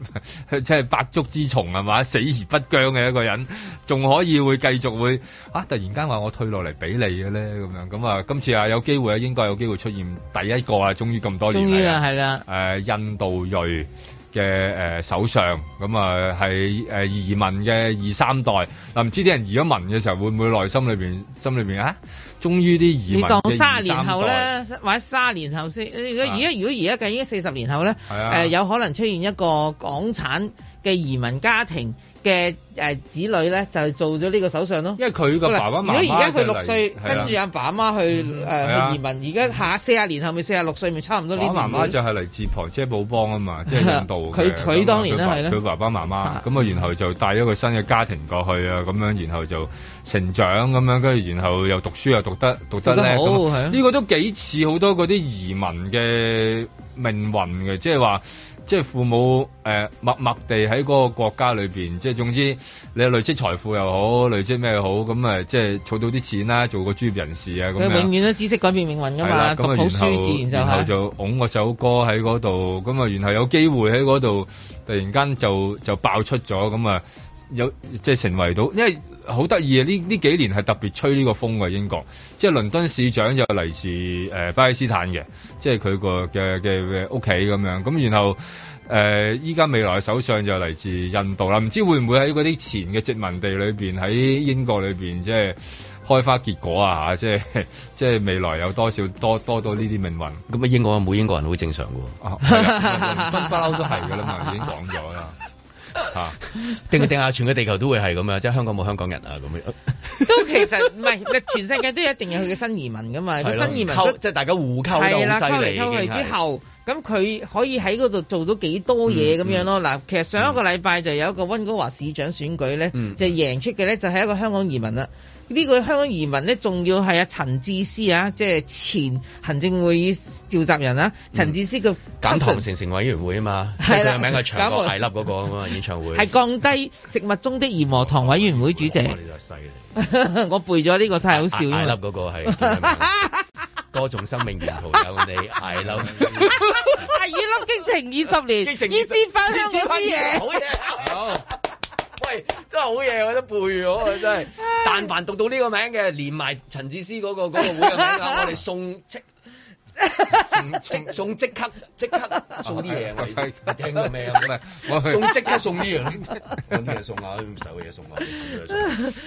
即係百足之蟲係嘛，死而不僵嘅一個人，仲可以會繼續會啊！突然間話我退落嚟俾你嘅咧咁樣，咁啊今次啊有機會啊，應該有機會出現第一個啊！終於咁多年嚟係啦，誒、啊、印度裔嘅誒首相，咁啊係誒、啊啊、移民嘅二三代嗱，唔、啊、知啲人移咗民嘅時候會唔會內心裏邊心裏邊啊？終於啲移民，你當卅年後咧，或者卅年後先。誒，而家如果而家計已經四十年後咧，誒、呃、有可能出現一個港產嘅移民家庭嘅誒、呃、子女咧，就做咗呢個首相咯。因為佢個爸爸媽媽，如果而家佢六歲，跟住阿爸阿媽去誒、呃、移民，而家下四十年後咪四十六歲咪差唔多呢個年齡。我媽媽就係嚟自旁遮普邦啊嘛，即係印度。佢佢當年咧係咧，佢爸，爸爸媽媽咁啊，然後就帶咗個新嘅家庭過去啊，咁樣然後就。成長咁樣，跟住然後又讀書又讀得讀得叻咁，呢、這個都幾似好多嗰啲移民嘅命運嘅，即係話即係父母誒、呃、默默地喺嗰個國家裏邊，即係總之你累積財富又好，累積咩好咁啊，即係儲到啲錢啦，做個專業人士啊咁樣。永遠都知識改變命運噶嘛，讀好書自然就係、然後就拱嗰首歌喺嗰度，咁啊，然後有機會喺嗰度突然間就就爆出咗，咁啊有即係成為到，因為。好得意啊！呢呢幾年係特別吹呢個風嘅英國，即係倫敦市長就嚟自誒、呃、巴基斯坦嘅，即係佢個嘅嘅嘅屋企咁樣。咁然後誒，依、呃、家未來首相就嚟自印度啦。唔知道會唔會喺嗰啲前嘅殖民地裏邊喺英國裏邊，即、就、係、是、開花結果啊！即係即係未來有多少多，多多多呢啲命運？咁啊，英國冇，沒英國人好正常嘅喎、哦哦，不 <laughs> 嬲、嗯嗯嗯嗯、都係嘅啦嘛，已經講咗啦。吓、啊，定定下全個地球都會係咁樣，即係香港冇香港人啊咁樣，都其實唔係，全世界都一定有佢嘅新移民噶嘛。新移民即係、就是、大家互溝都，都犀利。溝咁佢可以喺嗰度做到幾多嘢咁樣囉。嗱、嗯嗯，其實上一個禮拜就有一個溫哥華市長選舉呢、嗯嗯、就贏出嘅呢就係一個香港移民啦。呢、這個香港移民呢，仲要係阿陳智思啊，即、就、係、是、前行政會議召集人啦、啊。陳智思嘅減糖成成委員會啊嘛，係佢嘅名係長角大笠嗰個啊嘛，演唱會係 <laughs> 降低食物中的鹽和糖委員會主席。 <laughs> 我背咗呢、這個、啊、太好笑。大笠嗰個係。 <laughs> 歌頌生命沿途有你，矮係雨粒激情二十年，意思發香火之嘢，好嘢，好。 <laughs> 害啊、 <laughs> 喂，真係好嘢，我都背咗，我真係 <laughs> 但凡讀到呢個名嘅，連埋陳智思嗰、嗰個嗰、嗰個會嘅名字 <laughs> 我哋送 <laughs> 送即刻即刻送啲嘢、 <laughs> 啊、我哋，聽到咩啊？唔係，送即刻送啲嘢，咁 <laughs> 咩送下啲唔熟嘅嘢，送下。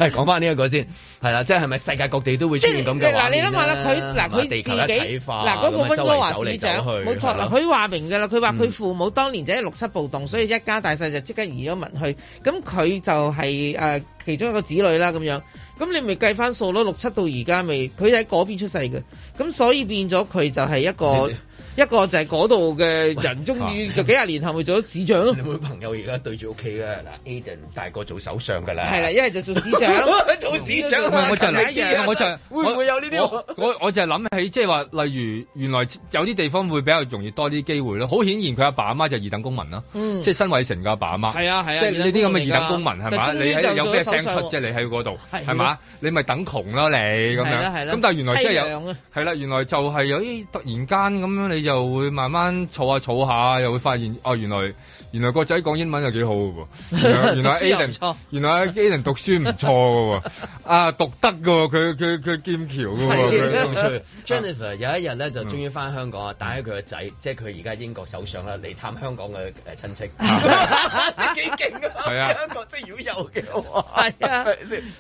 係講翻呢一個先，係啦，即係咪世界各地都會出現咁嘅？嗱、就是，你諗下啦，佢嗱佢自己嗱嗰個溫哥華市長，冇錯啦，佢話明㗎啦，佢話佢父母當年就喺六七暴動，所以一家大細就即刻移咗民去，咁佢就係、是、誒。呃其中一個子女啦咁樣，咁你咪計翻數咯，六七到而家咪，佢喺嗰邊出世嘅，咁所以變咗佢就係一個。一個就係嗰度嘅人中意就幾廿年後咪做咗、啊、市長咯。你、啊、冇朋友而家對住屋企啦？嗱、啊、，Aden 大個做首相㗎啦。係啦，一係就做市長， <laughs> 做市長。大大我就諗、啊、我就會唔會有呢啲？我我，我，我，我，我就係諗起，即係話例如原來有啲地方會比較容易多啲機會咯。好顯然佢阿爸阿媽就二等公民囉、嗯，即係新偉成嘅阿爸阿媽。係啊係啊，即係你啲咁嘅二等公民係嘛、嗯？你喺度有咩聲出？即係你喺嗰度係嘛？你咪等窮咯你咁樣。咁但係原來即係有係啦，原來就係有啲突然間咁樣你。又會慢慢儲下儲下，又會發現哦，原來原來個仔講英文又幾好嘅喎， <laughs> 原來 A 零，原來 A n 讀書唔錯嘅喎， <laughs> 啊，讀得嘅喎，佢佢佢劍橋嘅喎 <laughs> 麼 <laughs> ，Jennifer、uh, 有一日咧就終於翻香港啊，帶起佢個仔，即係佢而家英國首相啦嚟探香港嘅誒親戚。 <laughs> <laughs> 幾 <laughs> 勁啊！香港真如果有嘅話，係啊，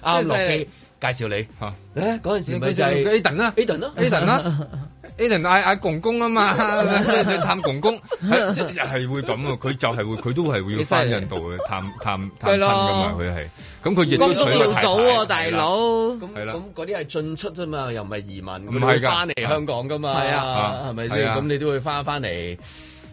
阿羅記介紹你嚇，誒嗰陣時咪就係、是、Aiden 啦、啊、，Aiden 啦、啊、 <laughs> ，Aiden 啦 a d e n 嗌嗌公公 <laughs> 啊，啊、 <laughs> 就是就是、嘛，探公公係係會咁啊，佢就係會佢都係會要翻印度去探探探親㗎嘛，佢係，咁佢亦都要早大佬，咁 <laughs> 啦對、啊，咁嗰啲係進出啫嘛，又唔係移民，唔係翻嚟香港㗎嘛，係啊，係咪咁你都會翻翻嚟。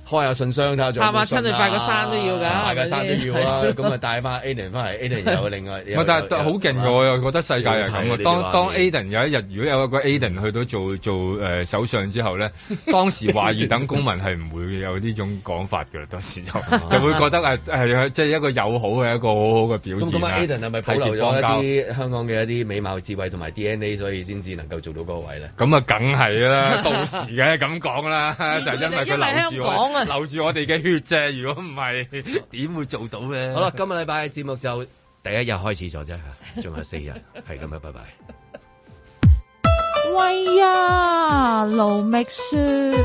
開下信箱睇下做，爬下親去拜個山都要㗎，拜個山都要啊！咁啊帶翻 Aden 翻嚟，Aden 有另外，唔係但係好勁㗎，我又覺得世界係咁啊！當當 Aden 有一日如果有一個 Aden 去到做做誒首相之後咧，當時懷疑等公民係唔會有呢種講法㗎，當時就就會覺得誒係即係一個友好嘅一個好好嘅表現啦。咁 Aden 係咪保留咗一啲香港嘅一啲美貌智慧同埋 DNA，所以先至能夠做到嗰個位咧？咁啊梗係啦，到時嘅咁講啦，就因為佢留住我。留住我哋嘅血啫，如果唔係，點會做到咧？ <laughs> 好啦，今日禮拜嘅節目就第一日開始咗啫，仲有四日，係咁啊，拜拜。喂呀，盧覓雪。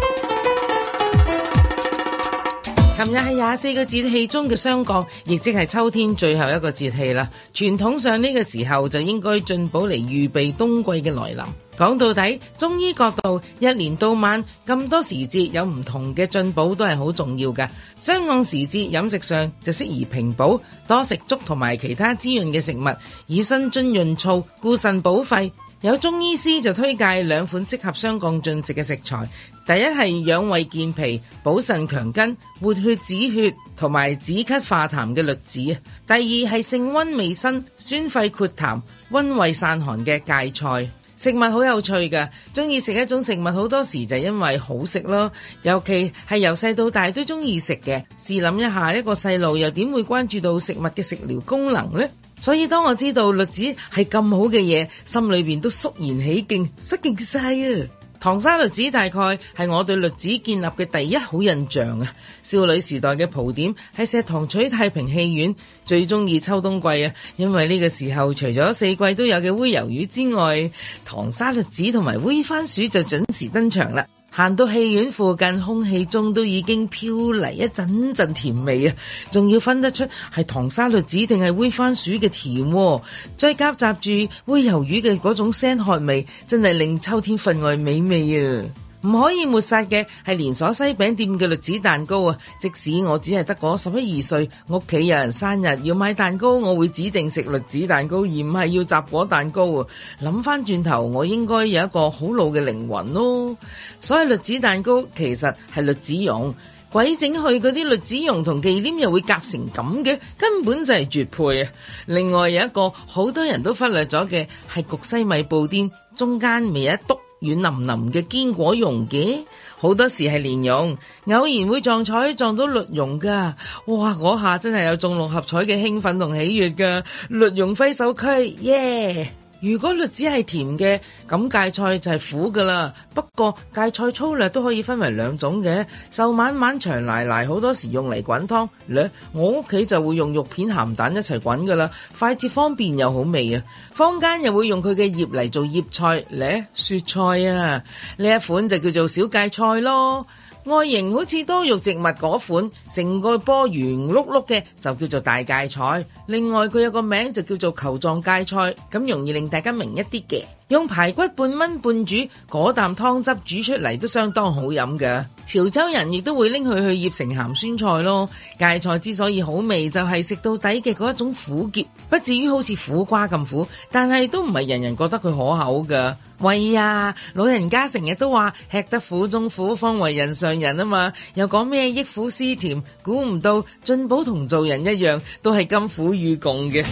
琴日係廿四個節氣中嘅霜降，亦即係秋天最後一個節氣啦。傳統上呢個時候就應該進補嚟預備冬季嘅來臨。講到底，中醫角度，一年到晚咁多時節有唔同嘅進補都係好重要噶。霜降時節飲食上就適宜平補，多食粥同埋其他滋潤嘅食物，以生津潤燥、固腎補肺。有中醫師就推介兩款適合霜降進食嘅食材，第一係養胃健脾、補腎強筋、活血止血同埋止咳化痰嘅栗子，第二係性溫味辛、宣肺豁痰、溫胃散寒嘅芥菜。食物好有趣噶，中意食一種食物好多時就因為好食咯。尤其係由細到大都中意食嘅，試諗一下一個細路，又點會關注到食物嘅食療功能呢？所以當我知道栗子係咁好嘅嘢，心裏邊都肅然起敬，失敬晒啊。糖沙栗子大概係我對栗子建立嘅第一好印象啊！少女時代嘅蒲點喺石塘咀太平戲院，最中意秋冬季啊，因為呢個時候除咗四季都有嘅煨魷魚之外，糖沙栗子同埋煨番薯就準時登場啦。行到戲院附近，空氣中都已經飄嚟一陣陣甜味啊！仲要分得出係糖沙栗子定係煨番薯嘅甜喎，再夾雜住煨魷魚嘅嗰種腥汗味，真係令秋天分外美味啊！唔可以抹殺嘅係連鎖西餅店嘅栗子蛋糕啊！即使我只係得嗰十一二歲，屋企有人生日要買蛋糕，我會指定食栗子蛋糕而唔係要雜果蛋糕啊！諗翻轉頭，我應該有一個好老嘅靈魂咯。所以栗子蛋糕其實係栗子蓉，鬼整去嗰啲栗子蓉同忌廉又會夾成咁嘅，根本就係絕配啊！另外有一個好多人都忽略咗嘅係焗西米布甸，中間未一篤。軟淋淋嘅堅果蓉嘅，好多時係蓮蓉，偶然會撞彩撞到綠蓉噶，哇！嗰下真係有中六合彩嘅興奮同喜悅噶，綠蓉揮手區，耶、yeah!！如果栗子係甜嘅，咁芥菜就係苦噶啦。不過芥菜粗略都可以分為兩種嘅，瘦晚晚長賴賴好多時用嚟滾湯咧。我屋企就會用肉片鹹蛋一齊滾噶啦，快捷方便又好味啊。坊間又會用佢嘅葉嚟做醃菜咧，雪菜啊，呢一款就叫做小芥菜咯。外形好似多肉植物嗰款，成個波圓碌碌嘅，就叫做大芥菜。另外佢有個名就叫做球狀芥菜，咁容易令大家明一啲嘅。用排骨半炆半煮，嗰啖湯汁煮出嚟都相當好飲嘅。潮州人亦都會拎佢去醃成鹹酸菜咯。芥菜之所以好味，就係食到底嘅嗰一種苦澀，不至於好似苦瓜咁苦，但係都唔係人人覺得佢可口嘅。喂呀，老人家成日都話，吃得苦中苦，方為人上人啊嘛。又講咩益苦思甜，估唔到進寶同做人一樣，都係甘苦與共嘅。